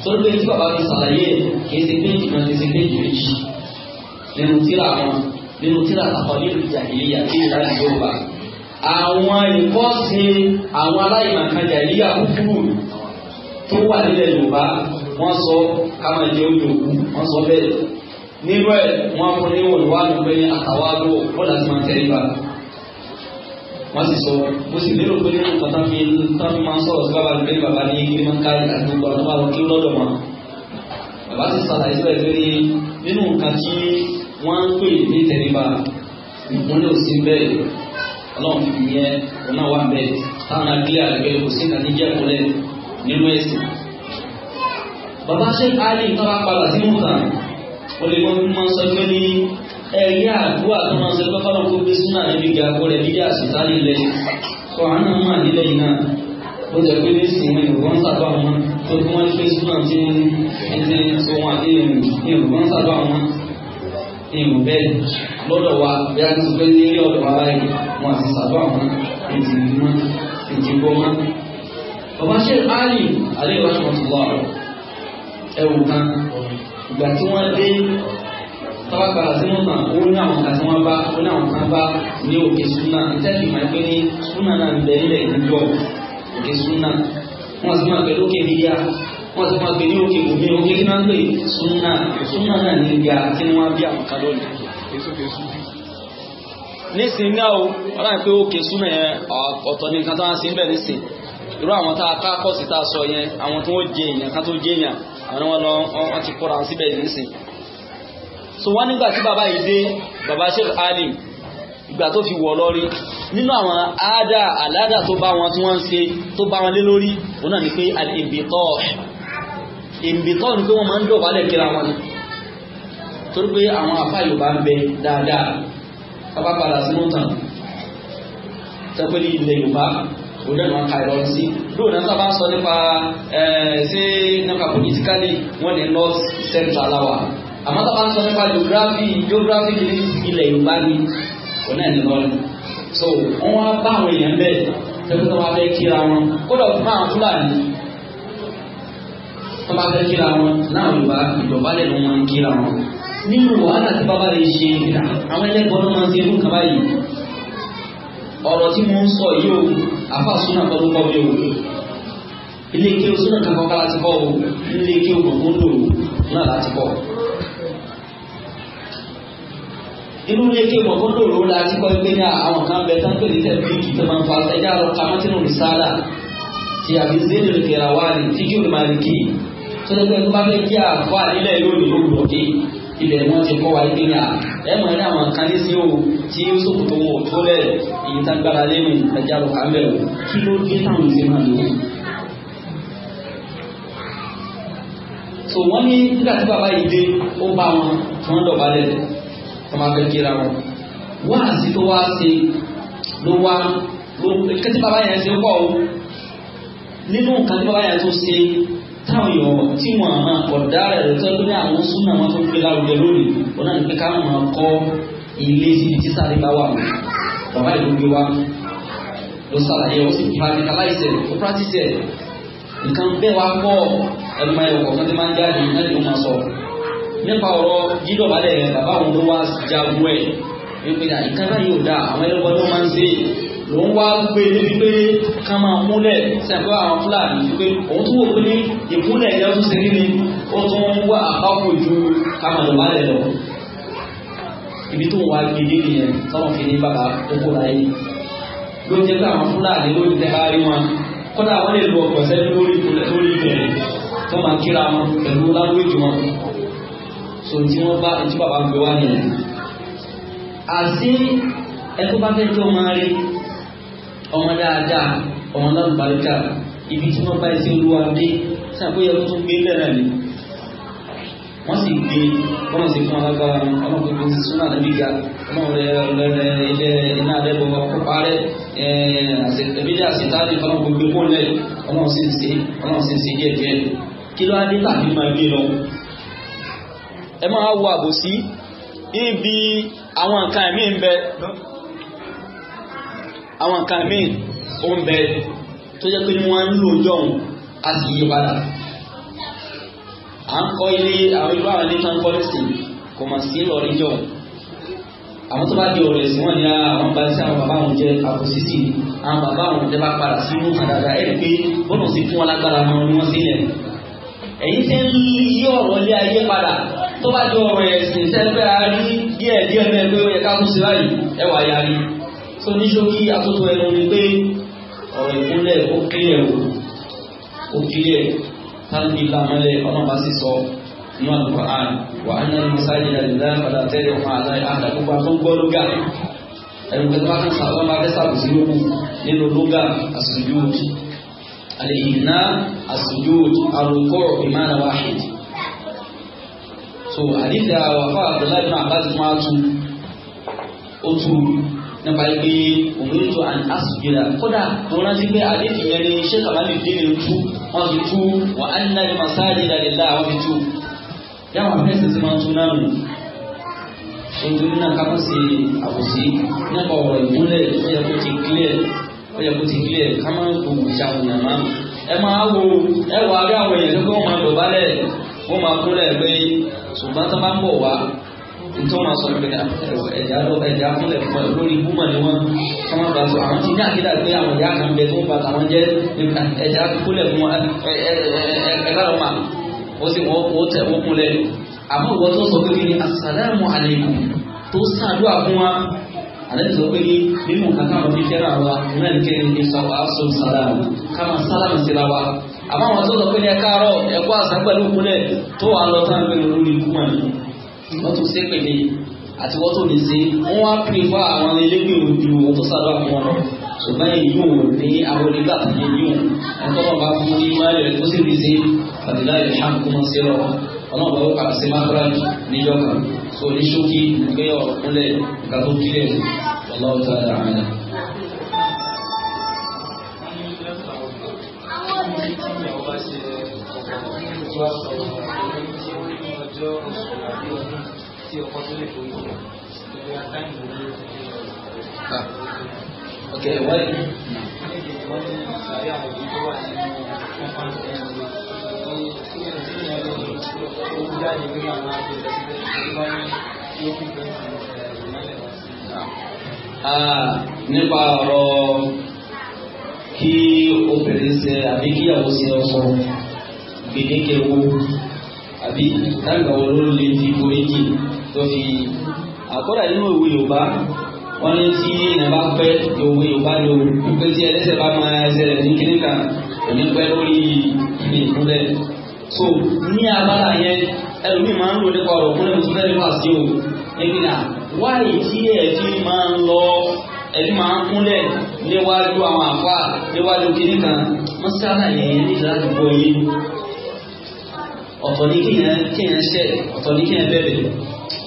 [SPEAKER 1] torí pé tí bàbá fi ṣàlàyé kì í ṣe péjì kan kì nínú tíra wọn nínú tíra àkọ́kọ́ nínú jàhílíyà tí ìta ní yorùbá àwọn ìkọ́sí àwọn aláìmọ̀kan jàhílíyà kúkúrú tó wà nílẹ̀ yorùbá wọ́n sọ káwọn jẹ́ ojú òkú wọ́n sọ bẹ́ẹ̀ nínú ẹ̀ wọ́n fún ní olùwádìí pé àtàwọn àlọ́ bọ́ọ̀lù àti màtẹ́rìbà wọ́n sì sọ mo sì lérò pé nínú kan tán fi tán fi máa ń sọ̀rọ̀ sí bàbá mi pé bàbá ní kí máa ń ká àti gbogbo àwọn tó bá lọ kí ó lọ́dọ̀ wọn. bàbá sì sàlàyé síbẹ̀ pé nínú nǹkan tí wọ́n ń pè ní tẹ̀lébà wọ́n ní òsín bẹ́ẹ̀ ọlọ́run fi yẹ wọn náà wà bẹ́ẹ̀ táwọn agbélé àgbẹ̀ kò sí ìkànnì jẹ́ ìkúnlẹ̀ nínú ẹ̀sìn. bàbá ṣe Ali tọ́ra padà sí mọ́tà wọ́n lè wọ́n máa sọ pé ní ẹ̀rí àdúrà tó máa ń sọ pé fáwọn kó gbé súnà níbi ìgbà kó rẹ̀ dídí àṣìṣà nílẹ̀ sọ àánú máa nílẹ̀ yìí náà ó jẹ pé nísìnyí ìrùbọ́n sábà wọn tó kí wọ́n ṣe súnà tí wọ́n ń ṣe wọn àti ìrùbọ́n sábà wọn ìmọ̀ bẹ́ẹ̀ lọ́dọ̀ wa bí a ti pé ní ọ̀dọ̀ wa báyìí wọn àti sàbọ̀ àwọn ìdìbò ìdìbò wọn. bàbá ṣe áàlì alẹ́ ìwà ṣọ̀tù lọ ẹwù kan ìgbà tí wọ́n dé tọ́wọ́gbà sínú kan ó ní àwọn kan tí wọ́n bá ó ní àwọn kan bá ní òkè súnà ìtẹ́lẹ̀ máa pé ní súnà náà ń bẹ nílẹ̀ ìdúgbò òkè súnà wọ́n sì máa pẹ̀lú òkè bíyà wọ́n ti máa gbé ní òkè òbí òkè kí máa ń pè súnà súnà náà ní ibi àti wọn bí àwòká lónìí. nísìnyí náà o wọ́n láì pé òkè súnà yẹn ọ̀tọ̀ ní nǹkan tó wá sí ń bẹ̀ nísìn irú àwọn tá a ká kọ́ọ̀sì tá a sọ yẹn àwọn tó ń jẹ èèyàn ká tó jẹ èèyàn àwọn wọn lọ wọn ti kóra síbẹ̀ nísìn. so wọ́n nígbà tí bàbá yìí dé bàbá Sheikh Alim ìgbà tó fi wọ̀ lọ́rí nínú àwọn àádá àládà tó bá wọn tí wọ́n ń ṣe tó bá wọn lé lórí òun náà ni pé al-inbitah ìbìtọ́ ní pé wọ́n máa ń dọ̀bálẹ̀ kíra wọn torí pé àwọn afá yorùbá ń bẹ dáadáa sábà padà sínú tàn tẹ́pẹ́ ní ilẹ̀ yorùbá òun náà ka ìrọ̀rùn sí lóò náà sábà sọ nípa ṣé nípa politically wọ́n ní north central lawa àmọ́ sábà sọ nípa geography geography ilẹ̀ yorùbá ni òun náà ní lọ́rùn so wọ́n wá bá àwọn èèyàn bẹ́ẹ̀ tẹ́pẹ́ tó wá bẹ́ẹ̀ kíra wọn kódà fún àwọn fúlàní tó bá fẹ́ kíra wọn náà yorùbá ìdọ̀bálẹ̀ ló máa ń kíra wọn nínú wàhálà tí bàbá rẹ̀ ṣe ìdá àwọn ẹlẹ́gbọ́n ló máa ń ṣe irú kaba yìí ọ̀rọ̀ tí mo ń sọ yìí o àfa súnà kan ló kọ́ mi o ilé ike o súnà kan kọ́kọ́ láti kọ́ o ilé ike o gbọ̀ngàn lò o náà láti kọ́ inú ilé ike o gbọ̀ngàn lò o láti kọ́ pé ní àwọn kan bẹ tán tẹ̀ bíríkì tó máa sọ́dọ̀pẹ́ tó bá fẹ́ kí àfa nílẹ̀ lónìí ó gbọ̀ dé ilẹ̀ wọn ti kọ́ wa ní kíni à ẹ mọ̀ ní àwọn kan ní sí o tí ó sòkò tó wọ̀ tó lẹ̀ èyí tá gbára lẹ́nu ìtajà lọ́ka ń bẹ̀rù kí ló dé táwọn ìṣe máa lò. so wọ́n ní nígbà tí bàbá yìí dé ó bá wọn tí wọ́n dọ̀bálẹ̀ tó máa fẹ́ kíra wọn wọ́n àti tó wá ṣe ló wá ló kẹ́tí bàbá yẹn ṣe pọ̀ o nínú nǹkan tí bàbá yẹn tó ṣe táwọn èèyàn tí wọn àmà ọ̀dà rẹ̀ tó ẹgbẹ́ ní àwọn súnà wọn tó ń gbé lárugẹ lónìí wọn náà ní pé káwọn máa kọ́ ilé síbi tí sáré bá wà bàbá ìlú gbé wa ló ṣàlàyé ó sì practicalize ó practice nǹkan bẹ́ẹ̀ wá pọ̀ ẹnu máa yọ kọ̀ọ̀kan tí máa ń jáde náà ló máa sọ nípa ọ̀rọ̀ dídọ̀bálẹ̀ bàbá òun ló wá jagun ẹ̀ wípé nǹkan báyìí ò dáa àwọn ẹlẹ́gbọ́n ló máa ń ló ń wá gbé e níbi pé ká máa múlẹ̀ sẹ́gbẹ́ àwọn fúlàní pé òun tún wò pé ní ìmúlẹ̀ yẹn tún ṣe kíni ó tún ń wá àpapọ̀ ju ká máa lọ́wọ́ rẹ̀ lọ. ibi tó ń wá gbé e dé nìyẹn sọ́wọ́n fi ní bàbá tó kó láyé ló jẹ́ pé àwọn fúlàní ló ti dẹ́ka rí wọn kódà wọ́n lè lo ọ̀pọ̀ sẹ́ni lórí ilẹ̀ tó máa kíra wọn pẹ̀lú lágbèjì wọn so tí wọ́n bá tí bàbá gbé wá nìyẹn àti ẹ̀kọ́ bá fẹ́ tó máa rí ọmọ dáadáa ọmọ náà gbàlùkà ibi tí wọ́n bá ẹsẹ̀ olúwa dé sàkóyẹ kó tó gbé bẹ̀rẹ̀ ni wọ́n sì gbé wọ́n sì fún alágbára wọn ọmọ gbogbo sí súnà níbi ga ọmọ rẹ rẹ ilé iná rẹ gbogbo ọkọ parẹ ẹbílẹ àṣetálẹ ọmọ gbogbo kó lẹ ọmọ sì ń ṣe ọmọ sì ń ṣe díẹ̀ díẹ̀ kí ló á dé tàbí máa gbé lọ. ẹ máa wọ àbòsí níbi àwọn nǹkan ẹ̀mí ń bẹ àwọn nǹkan míì ó ń bẹ tó jẹ́ pé wọ́n ń lò jọ̀hún a sì yí padà à ń kọ́ ilé àwọn ìlú àwọn ní pọ́lísì kò mà sí lọ́ọ̀rí jọ̀hún àwọn tó bá di ọ̀rọ̀ ẹ̀sìn wọn ni ah, àwọn bá sí àwọn bàbá àwọn jẹ àkọsísì àwọn bàbá àwọn jẹ bá padà sínú àdàdà ẹ̀ pé bọ́nà sí fún wọn lágbára wọn ni wọ́n sílẹ̀ ẹ̀yin ṣe ń yí ọ̀rọ̀ ilé ayé padà tó bá di ọ̀rọ̀ ẹ̀sìn sẹ́fẹ́ àárín díẹ̀ díẹ̀ mẹ́rin kú sí báyìí ẹwà yarí so ní ṣókí àtúntò ẹnu ni pé ọ̀rọ̀ ìpínlẹ̀ ó kílẹ̀ o ó kílẹ̀ tábìlì lámọ́lẹ̀ ọlọ́pàá sì sọ inú Al-Qur'an wà á nà ní mọ́sáàjì àdìdá padà tẹ́lẹ̀ fún àdá àdá gbogbo àtó gbọ́ lóga ẹ̀rù pẹ̀lú bá kàkà wọn bá fẹ́sà bùsí lókun nínú lóga as-sujud al-ihna as-sujud al-ruku' so àdìdá wà fún Abdullahi nípa pé òun tó an asùgbéra kódà mo rántí pé àdéhùn yẹn ni ṣé kàmáàlì dé ní tú wọn fi tú wọn á nínú àdìmọ sáàdì ìdàdìlá wọn fi tú yàwọn afẹsẹ ti máa tún náà nù ojú náà kápá sí àbòsí nípa ọ̀rọ̀ ìmúlẹ̀ ó yẹ kó ti clear ó kó ti clear ká máa ń gbòòrò sí àwọn èèyàn ẹ máa wo ẹ wọ abẹ́ àwọn èèyàn tó kọ́ wọn máa dọ̀bálẹ̀ wọn máa kúnlẹ̀ pé ṣùgbọ́n tó ń bọ̀ wá então nós vamos nítorí wọn sọ pé ẹja ah, ẹja fúnlẹ̀ fún ẹ lórí búmọ̀ ni wọn kọ́ máa bá sọ àwọn a ní àkídà pé àwọn ìyá kan bẹ tó ń é tàwọn jẹ ẹja fúnlẹ̀ fún você ọmọ o sì wọ́n tẹ̀ wọ́n kúnlẹ̀ àmọ́ ìwọ tó sọ pé kí ni asàlámù alaykum tó só fún wa alẹ́ sọ pé nínú kankan wọn fi fẹ́ràn wa náà de kẹ́rin ní sọ wàá sọ sàlámù káma sàlámù síra wa àmọ́ àwọn tó sọ pé ní ẹ káàárọ̀ ẹ kó àṣà pẹ̀lú kúnlẹ̀ tó wà lọ tán pẹ̀lú lórí kúmọ̀ yìí wọ́n tún ṣe pèlè àti wọ́n tó lè ṣe wọ́n wá pè fún àwọn ẹlẹ́gbẹ̀ẹ́ òdu wọn tó sáré àwọn ọ̀rọ̀ ṣùgbọ́n èyí ò ní àwọn onígbà tó yẹ yíò ẹ̀kọ́ náà bá fún ní máa rẹ̀ tó sì lè ṣe àdìlá ìlhàm kó máa ṣe lọ ọ̀nà ọ̀bọ̀ kà sí mákàràjì níjọ́ kan so ní ṣókí pé ọ̀kúnlẹ̀ nǹkan kílẹ̀ ọlọ́wọ́ tó
[SPEAKER 2] ọjọ́ oṣù àbí ọdún tí ọkọ tó lè forí jù ìwé àtàyìn ló ah, ló ti jẹ́ ọ̀rọ̀. wọ́n ní wọ́n ní sàrí àwọn òbí tó wà nínú kọ́ńpáǹtì ẹ̀yìn ló ní kí ẹni tí
[SPEAKER 1] nípa ọ̀rọ̀ kí obìnrin ṣe àbí kíyàwó ṣe ọkọ gbèdéke wo àbí lágbà wọn ló lè fi foríjì tó fi àkọ́dà nínú òwe yorùbá wọn ní tí èèyàn bá pẹ́ òwe yorùbá lò wípé tí ẹlẹ́sẹ̀ bá máa ẹsẹ̀ rẹ̀ ní kíní kan òní pẹ́ lórí ìdúrẹ́ so ní abala yẹn ẹlòmíì máa ń lò nípa ọ̀rọ̀ fún ẹ̀mí tó fẹ́ nípa sí o ẹbí wáyé tí ẹ̀ máa ń lọ ẹbí máa ń kúnlẹ̀ níwájú àwọn àfa níwájú kíní kan mọ́sálà yẹn ní ìlànà ìbọn yìí
[SPEAKER 2] ọ̀tọ̀ ní kíyàn ṣẹ̀ ọ̀tọ̀ ní kíyàn bẹ̀rẹ̀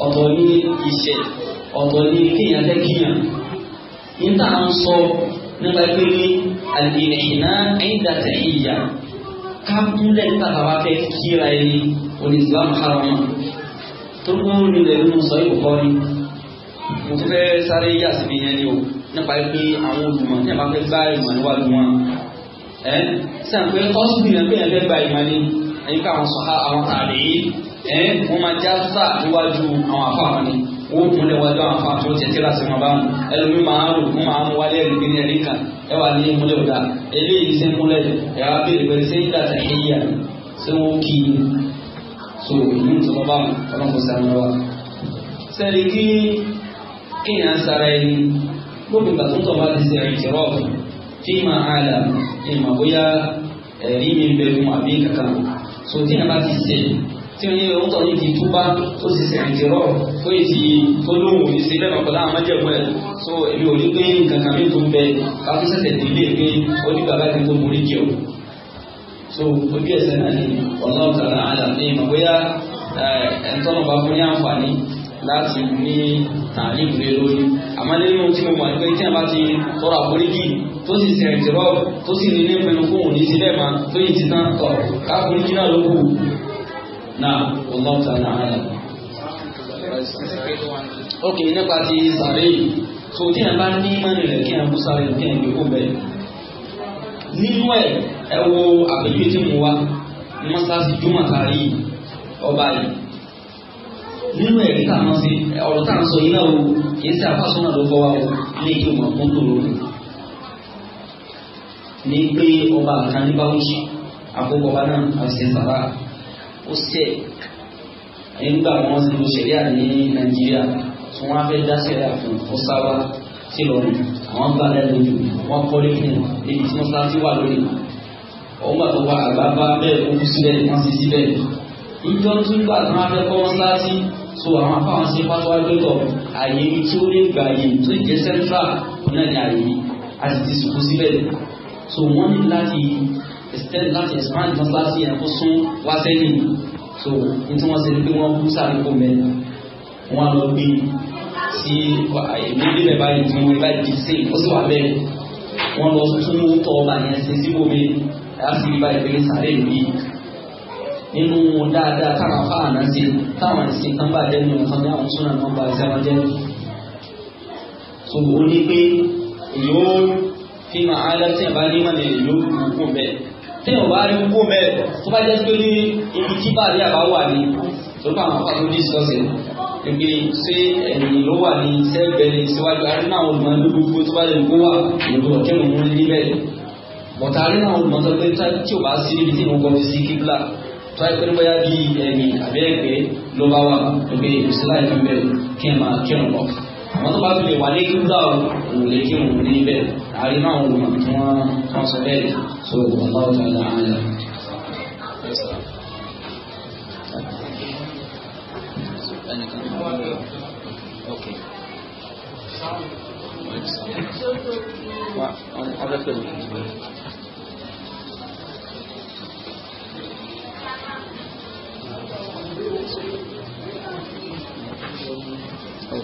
[SPEAKER 1] ọ̀tọ̀ ní ìṣẹ̀ ọ̀tọ̀ ní kíyàn fẹ́ kíyàn níta à ń sọ nípa pé ní àlìhìnà ẹ̀yìndà tẹ̀yìyà ká kúnlẹ̀ níta bàbá fẹ́ kíra ẹni onísìlámù haramu tó kún nílẹ̀ nínú sọ ìkọ̀kọ́ ni mo ti fẹ́ sáré yà sí ìyẹn ni o nípa pé àwọn olùmọ̀ ní àbá fẹ́ bá ìmọ̀ níwájú wọn ẹ́ sàn ni ẹ̀yìn ká àwọn sọ̀há àwọn tààlẹ̀ yìí ẹ̀ wọ́n máa já sà níwájú àwọn afọ àwọn ni wọ́n kúnlẹ̀ wájú àwọn afọ àti oṣù tẹ́lá sí wọn báwọn ẹlòmíì máa ń rò fún máa ń wálé ẹ̀rí ní ẹ̀rí kan ẹ wà ní ìmúlẹ̀ ọ̀dà eléyìí ṣe ń múlẹ̀ ẹ̀ wá bèrè pé ṣé ìdá tàhíyà ṣé wọ́n kì í so ìlú ìtọ́lọ́ báwọn ọlọ́mọ sàmì wa. sẹ́ni kí kéèyàn sara ẹni lóbi ìgbà tó ń tọ́ bá ti ṣe ẹ̀rí mi bẹ̀rù àbí kankan so tí yàrá ti ṣe tí o ní ohun tó ní ti túbá tó ti sẹ̀rìn ti rọ̀ tó yìí ti tó lóhùn ní so èmi ò ní kan mi tó ń bẹ káfí sẹ̀sẹ̀ tó ilé pé ó so ojú ẹsẹ̀ náà ni ọlọ́run tààrà àdàbí ìmọ̀ bóyá ẹ̀ńtọ́nà bá fún ní àǹfààní láti ní àmọ́ n'otu tí mo mọ̀ ní tí a bá ti tọrọ àforíjì tó sì ṣe ẹ̀jẹ̀rọ̀ tó sì ní nípinnu fún òní sílẹ̀ máa tó yìí ti tán tọ̀ káforíjì náà ló kù náà
[SPEAKER 2] so tí a bá ní mọ́nì rẹ̀ kí a kú sáré kí a kó bẹ́ẹ̀.
[SPEAKER 1] nínú ẹ wo àpèjúwe tí mo nínú ẹ̀rí tá a mọ̀ sí ọ̀rọ̀ tá a sọ yìí náà o kì í ṣe àfàsọ́nà ló fọwọ́ o ilé ìjọ mọ̀ fún tòrò rẹ̀. ní pé ọba àkàn ní báwùjì àkókò ọba náà àti sàbà ó ṣe nígbà wọn ti lo ṣẹ̀ríà ní nàìjíríà tí wọ́n ìjọ tún gbà tí wọ́n fẹ́ kọ́ wọn sáàtì so àwọn afáwọn ṣe pátó agbẹ́tọ̀ àyè tí ó lè gbà yìí tó jẹ́ central náà ní àyè yìí a sì ti sùkú síbẹ̀ so wọ́n ní láti extend láti expand mọ́sáàtì yẹn kó sún wá sẹ́yìn so ní tí wọ́n ṣe ni pé wọ́n kú sáré kó mẹ́ wọ́n á lọ gbé sí èmi níbẹ̀ báyìí tí wọ́n bá di sí ó sì wà bẹ́ẹ̀ wọ́n lọ tún tọ́ ọba yẹn ṣe síbòmí láti ibà ìpínlẹ̀ sàrẹ́ yìí nínú dáadáa táwọn afáàná sí táwọn ìsìn kan bá jẹ́ nínú kan ní àwọn súnà kan bá jẹ́ wọn jẹ́ so ó ní pé yóò fi máa alẹ́ tí ìbá ní mọ̀nà yóò kú kú bẹ́ẹ̀ tí ìwọ̀n bá rí kú bẹ́ẹ̀ tó bá jẹ́ pé ní ibi tí bá rí àbá wà ní tó bá àwọn afáàná ní sọ́ọ̀sì ìgbé ṣé ẹ̀yìn ló wà ní sẹ́ẹ̀bẹ̀rẹ̀ síwájú àrínà àwọn ní gbogbo tó bá tó yẹ pé bóyá bí ẹ̀yìn àbẹ́ẹ̀gbẹ́ ló bá wà lóbi ìṣẹ́lá ìlú bẹ́ẹ̀ kí ẹ máa kírun lọ. àwọn tó bá tún lè wà ní kíkúdà òun lè kírun ní bẹ́ẹ̀ àárín náà wò wọ́n tí wọ́n kàn sọ bẹ́ẹ̀ so ọlọ́wọ́ tó yà á yà. Okay.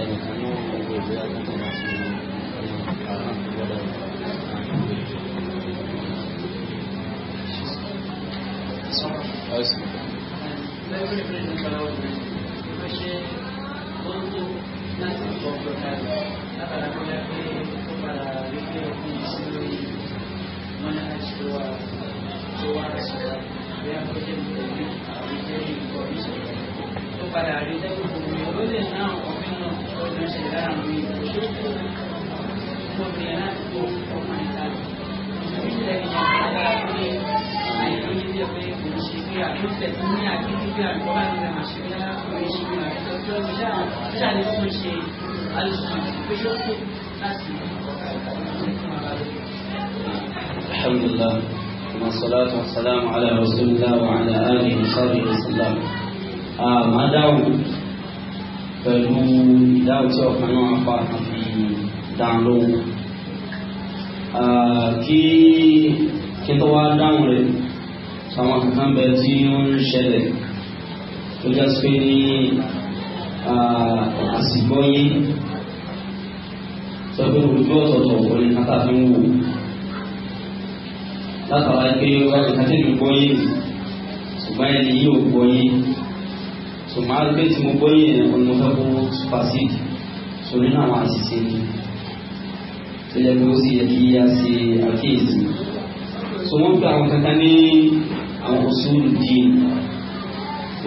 [SPEAKER 2] tanya m u a dia akan a n a s e m a s e k y Oh, process ní àdúgbò àgbọ̀bá ní àmàṣẹ́yà oríṣiríṣi àtọ́jọ́ ìjà ìjà ní tí wọ́n ṣe alùpùpù péjọ tó láti الحمد لله
[SPEAKER 1] والصلاة والسلام على رسول الله وعلى آله وصحبه وسلم ما داوم pẹ̀lú ìdáhùn tí ọ̀kan náà fa àfi dáhùn lóhùn kí kí tó wá dáhùn rẹ̀ àwọn kankan bẹ tí ó ń ṣẹlẹ̀ tó já sí pé ní àsìkò yín sọ pé ojú ọ̀tọ̀ọ̀tọ̀ kò ní kátà fi ń wò látara pé wọ́n ti kátà ìlú gbọ́ yín ṣùgbọ́n ẹni yìí ò gbọ́ yín ṣùgbọ́n àgbẹ̀ tí mo gbọ́ yín ẹ̀kọ́ ni mo fẹ́ kó supersede sọ nínú àwọn àṣìṣe ni tó yẹ kó sì yẹ kí a ṣe àkíyèsí. sọ wọ́n gba àwọn kankan ní àwọn òṣòlù dín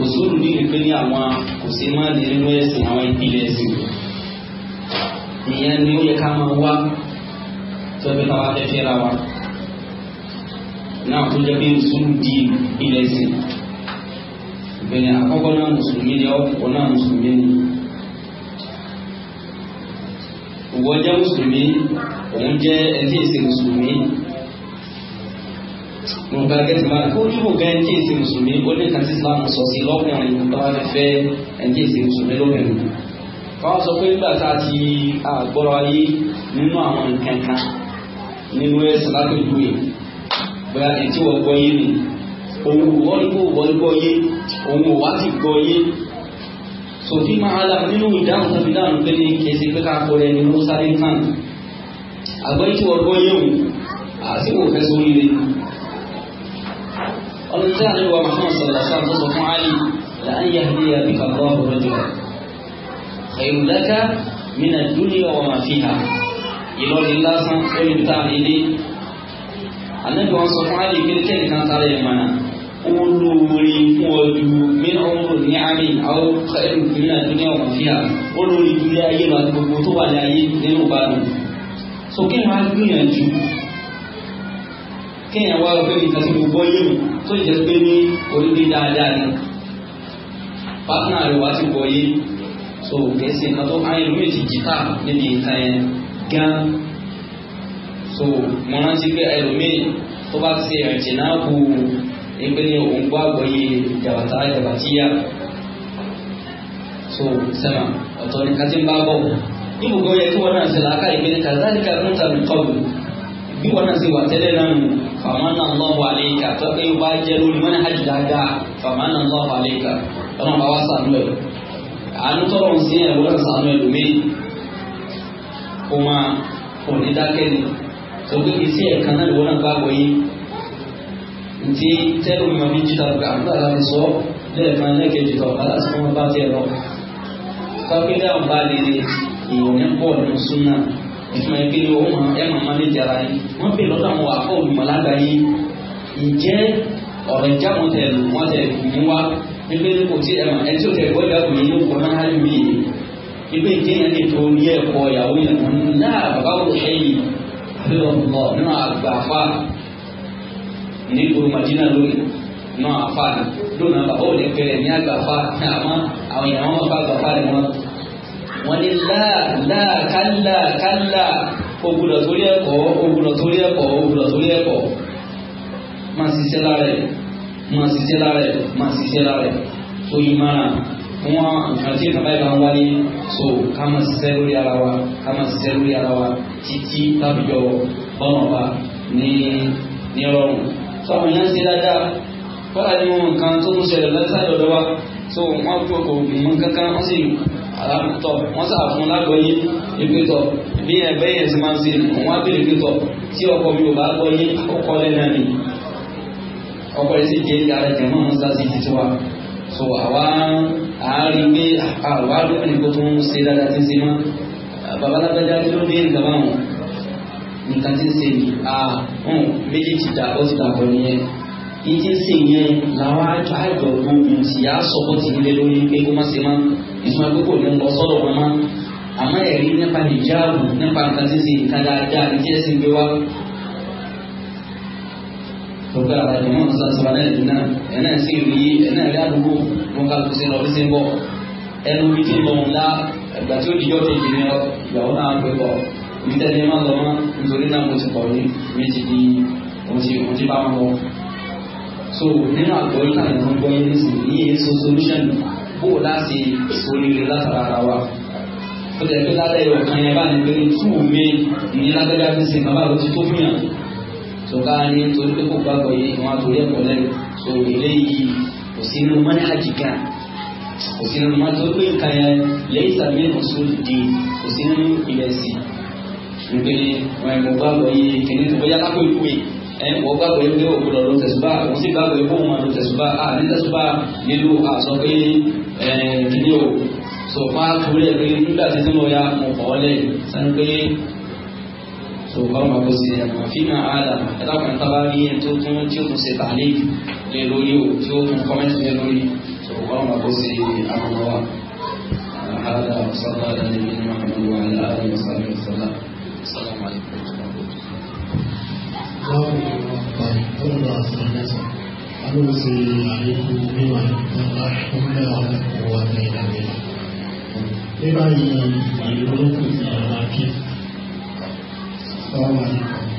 [SPEAKER 1] òṣòlù dín ní pé ní ni ó yẹ ká máa wá tó wa náà tó jẹ́ pé òṣòlù dín ìpìlẹ̀ ẹ̀sìn ìpìlẹ̀ àkọ́kọ́ náà mùsùlùmí ni ọ̀pọ̀ náà mùsùlùmí òun jẹ́ ẹni mùsùlùmí nǹkan gẹ́gẹ́ máa kó yíwò gan tí èsì mùsùlùmí ó lè kàn sí islam sọ sí lọ́kùnrin tó bá fẹ́ ẹni tí èsì mùsùlùmí lóbìnrin wọ́n sọ pé nígbà tá a ti àgbọ́rọ̀ ayé nínú àwọn nǹkan kan nínú ẹ̀sìn lápẹ̀jú yìí bóyá ètí wọ́n gbọ́ yé ni òun wọ́n ní kó wọ́n gbọ́ yé òun ò wá ti gbọ́ yé sòfin máa la nínú ìdáhùn tó fi dáhùn ọlọ́tí àlewà Muhammad sallallahu alaihi wasallam fún Ali la an yahdiya bika Allahu rajulan khayrun laka mina dunya wa ma fiha ìlọrin lásán lórí tá a nílé anabi wọn sọ fún Ali kí kẹ́ni kan sáré ẹ̀ mọ́nà wọn lórí fún ọdún min umru ni'ami aw khayrun mina dunya wa ma fiha wọn lórí ilé ayé lọ àti gbogbo tó wà ní ayé nínú ìbàdàn sókè máa gbìyànjú kéèyàn wá lọ fẹ́ mi kàtí gbogbo yé mi tó jẹ́ pé ní orílẹ̀ dáadáa ni pátánà rẹ̀ wá ti wọ̀nyí so kẹsì nǹkan tó ayé lóye ti jìtá níbi nǹkan yẹn gan so mo rántí pé ẹlòmíì tó bá ti ẹ̀jẹ̀ náà kú ẹgbẹ́ ní òun gbọ́ àgbọ̀yé jàbàtà jàbàtíyà so sẹ́mà ọ̀tọ̀ ni kátí ń bá bọ̀ níbùgbọ́ yẹ kí wọ́n náà ṣe làákàyè pé ní kàdáníkà ló ń tàbí kọ́ọ̀lù bí wọn náà ṣe wà tẹ́lẹ̀ náà nù famana Allahu alayka tó pé yóò bá jẹ́ lórí mọ́nà hajj dáadáa famana Allahu alayka ọlọ́run bá wá sànú ẹ̀ àánú tọ́lọ̀ ń sin ẹ̀rọ náà sànú ẹ̀ lómi kó máa kò ní dákẹ́ ni tó pé iṣẹ́ ẹ̀ka náà lọ́wọ́ náà gbàgbọ́ yín ntí tẹ́lẹ̀ mi máa fi jìtà lọ́gbà àbúrò àlàfi sọ lẹ́ẹ̀kan lẹ́ẹ̀kejì tó ọ̀gá láti fún wọn bá tẹ̀ lọ. kápẹ́lẹ́ àwọn bá ìtumọ̀ yìí pé ó mọ ẹ mọ̀ máa ní jara yìí wọ́n bè lọ́dọ̀ àwọn akọ́ olùmọ̀lága yìí ǹjẹ́ ọ̀rọ̀ ìjà wọn tẹ̀ lù wọ́n tẹ̀ lù wá ẹgbẹ́ kò tí ẹ mọ̀ ẹ tí ó tẹ̀ bọ́ọ̀dà kò yín kò náà hálì mí yìí ẹgbẹ́ ìdí yẹn lè tó ní ẹ̀kọ́ ìyàwó yẹn kò náà bàbá wò ṣe yìí àbí ọ̀pọ̀ nínú àgbàfà nílùú Madina lónìí náà àfà lónìí bàbá ò lè fẹ́ ní àgbàfà àmọ́ àwọn èèyàn wọn bá àgbàfà rẹ̀ wọn wọ́n ní láà kálà kálà ogbùdọ̀ torí ẹ̀kọ́ ogbùdọ̀ torí ẹ̀kọ́ ogbùdọ̀ torí ẹ̀kọ́ máa ṣiṣẹ́ lára ẹ̀ máa ṣiṣẹ́ lára ẹ̀ máa ṣiṣẹ́ lára ẹ̀ tó yí mára wọn nǹkan tí ìtàbá ìbá ń wáyé so ká máa ṣiṣẹ́ lórí ara wa ká máa ṣiṣẹ́ lórí ara wa títí lábìjọ bọ́nà wa ní nírọ̀rùn tó àwọn èèyàn ṣe dáadáa kọ́lá ní wọn nǹkan tó ń ṣẹlẹ̀ lẹ́sàdọ̀dọ̀ wa so wọ́n kò mọ kankan wọ́n sì alámùtọ̀ wọ́n sà fún lágbọ́yé ìpìtọ̀ bí ẹ̀bẹ́ yẹn ti máa ń ṣe wọ́n á bèrè ìpìtọ̀ tí ọkọ̀ mi ò bá gbọ́yé ọkọ̀ lẹ́nà ni ọkọ̀ yìí sì jẹ́ ìyá rẹ̀ jẹ̀mọ́ ń sá sí títí wa so àwa àárín pé àwa lókè ní kó tó ń ṣe dáadáa tí ń ṣe mọ́ babalábẹ́dá tí ó dé nǹkan báwọn nǹkan tí ń ṣe ni àwọn méjì ti dà ó ti dà pọ̀ nìyẹn ìdí ń ṣe yẹn làwọn àjọ àjọ gbogbo ti yà á sọ bó ti ń lé lórí pé kó má ṣe ìsúná pé kò ní lọ sọ́dọ̀ wọn mọ́ àmọ́ ẹ̀rí nípa nìjáàbù nípa nǹkan ṣíṣe nǹkan dáadáa ní jẹ́sí gbé wá. Tọ́gbà àbàdàn mọ́ ọ̀sán sọ̀rọ̀ náà dùn náà ẹ̀ náà sì rí ẹ̀ náà rí àdúgbò wọn ká lóṣè lọ lóṣè bọ̀ ẹnu bí tí lọ́wọ́n lá ẹgbà tí ó dìjọ́ kejì ni ìyàwó náà pé bọ̀ ní tẹ́lẹ̀ má lọ mọ́ nítorí náà mo So nínú àgbọ̀ yìí náà ni wọ́n gbọ́ yẹn ní solution bó o láti oríire látara ara wa ó jẹ́ pé lálẹ́ ìwọ̀ kan yẹn bá ní pé ní tú mi ní lágbẹ́dá fi sin bàbá ló ti tó fún yàn tó ká ní torí pé kò gbàgbọ́ yìí wọn á torí ẹ̀kọ́ lẹ́yìn tó eléyìí kò sí inú mọ́nájì kan kò sí inú mọ́tò pé nǹkan yẹn lẹ́yìn sàmì ọ̀sùn di kò sí inú ilẹ̀ sí i nígbẹ́ wọn ẹ̀ mọ̀ gbàgbọ́ yìí kìnnìkan bóyá lápò ìlú yìí ẹni wọ́n gbàgbọ́ yín pé òkú lọ́dún tẹ̀sùbá òun sì gbàgbọ́ yín fóun ọdún tẹ̀sùbá à ní tẹ̀sùbá nílò àsọ pé kìíní o sọ fún àkúrẹ́ pé nígbà tí mo ya mo kọ́ ọ lẹ̀ sani pé sọ báwọn máa kó sí ẹ̀ máa fi hàn áàdà ẹ̀dá kan tábà rí ẹ̀ tó tún tí ó tún ṣe tàlẹ́ lé lórí o tí ó tún kọ́mẹ́ntì lé lórí sọ báwọn máa kó sí àwọn wa. هذا وصلى على نبينا محمد وعلى اله وصحبه وسلم
[SPEAKER 2] السلام عليكم kawowa ba kowa sanarsa an wasu àlékún níwà nípa ọmọdé àwọn ọwọ́ nàìjíríà ní báyìí ìlú olókùn ti àwọn akẹ́ sọ́wọ́n àyíkọ́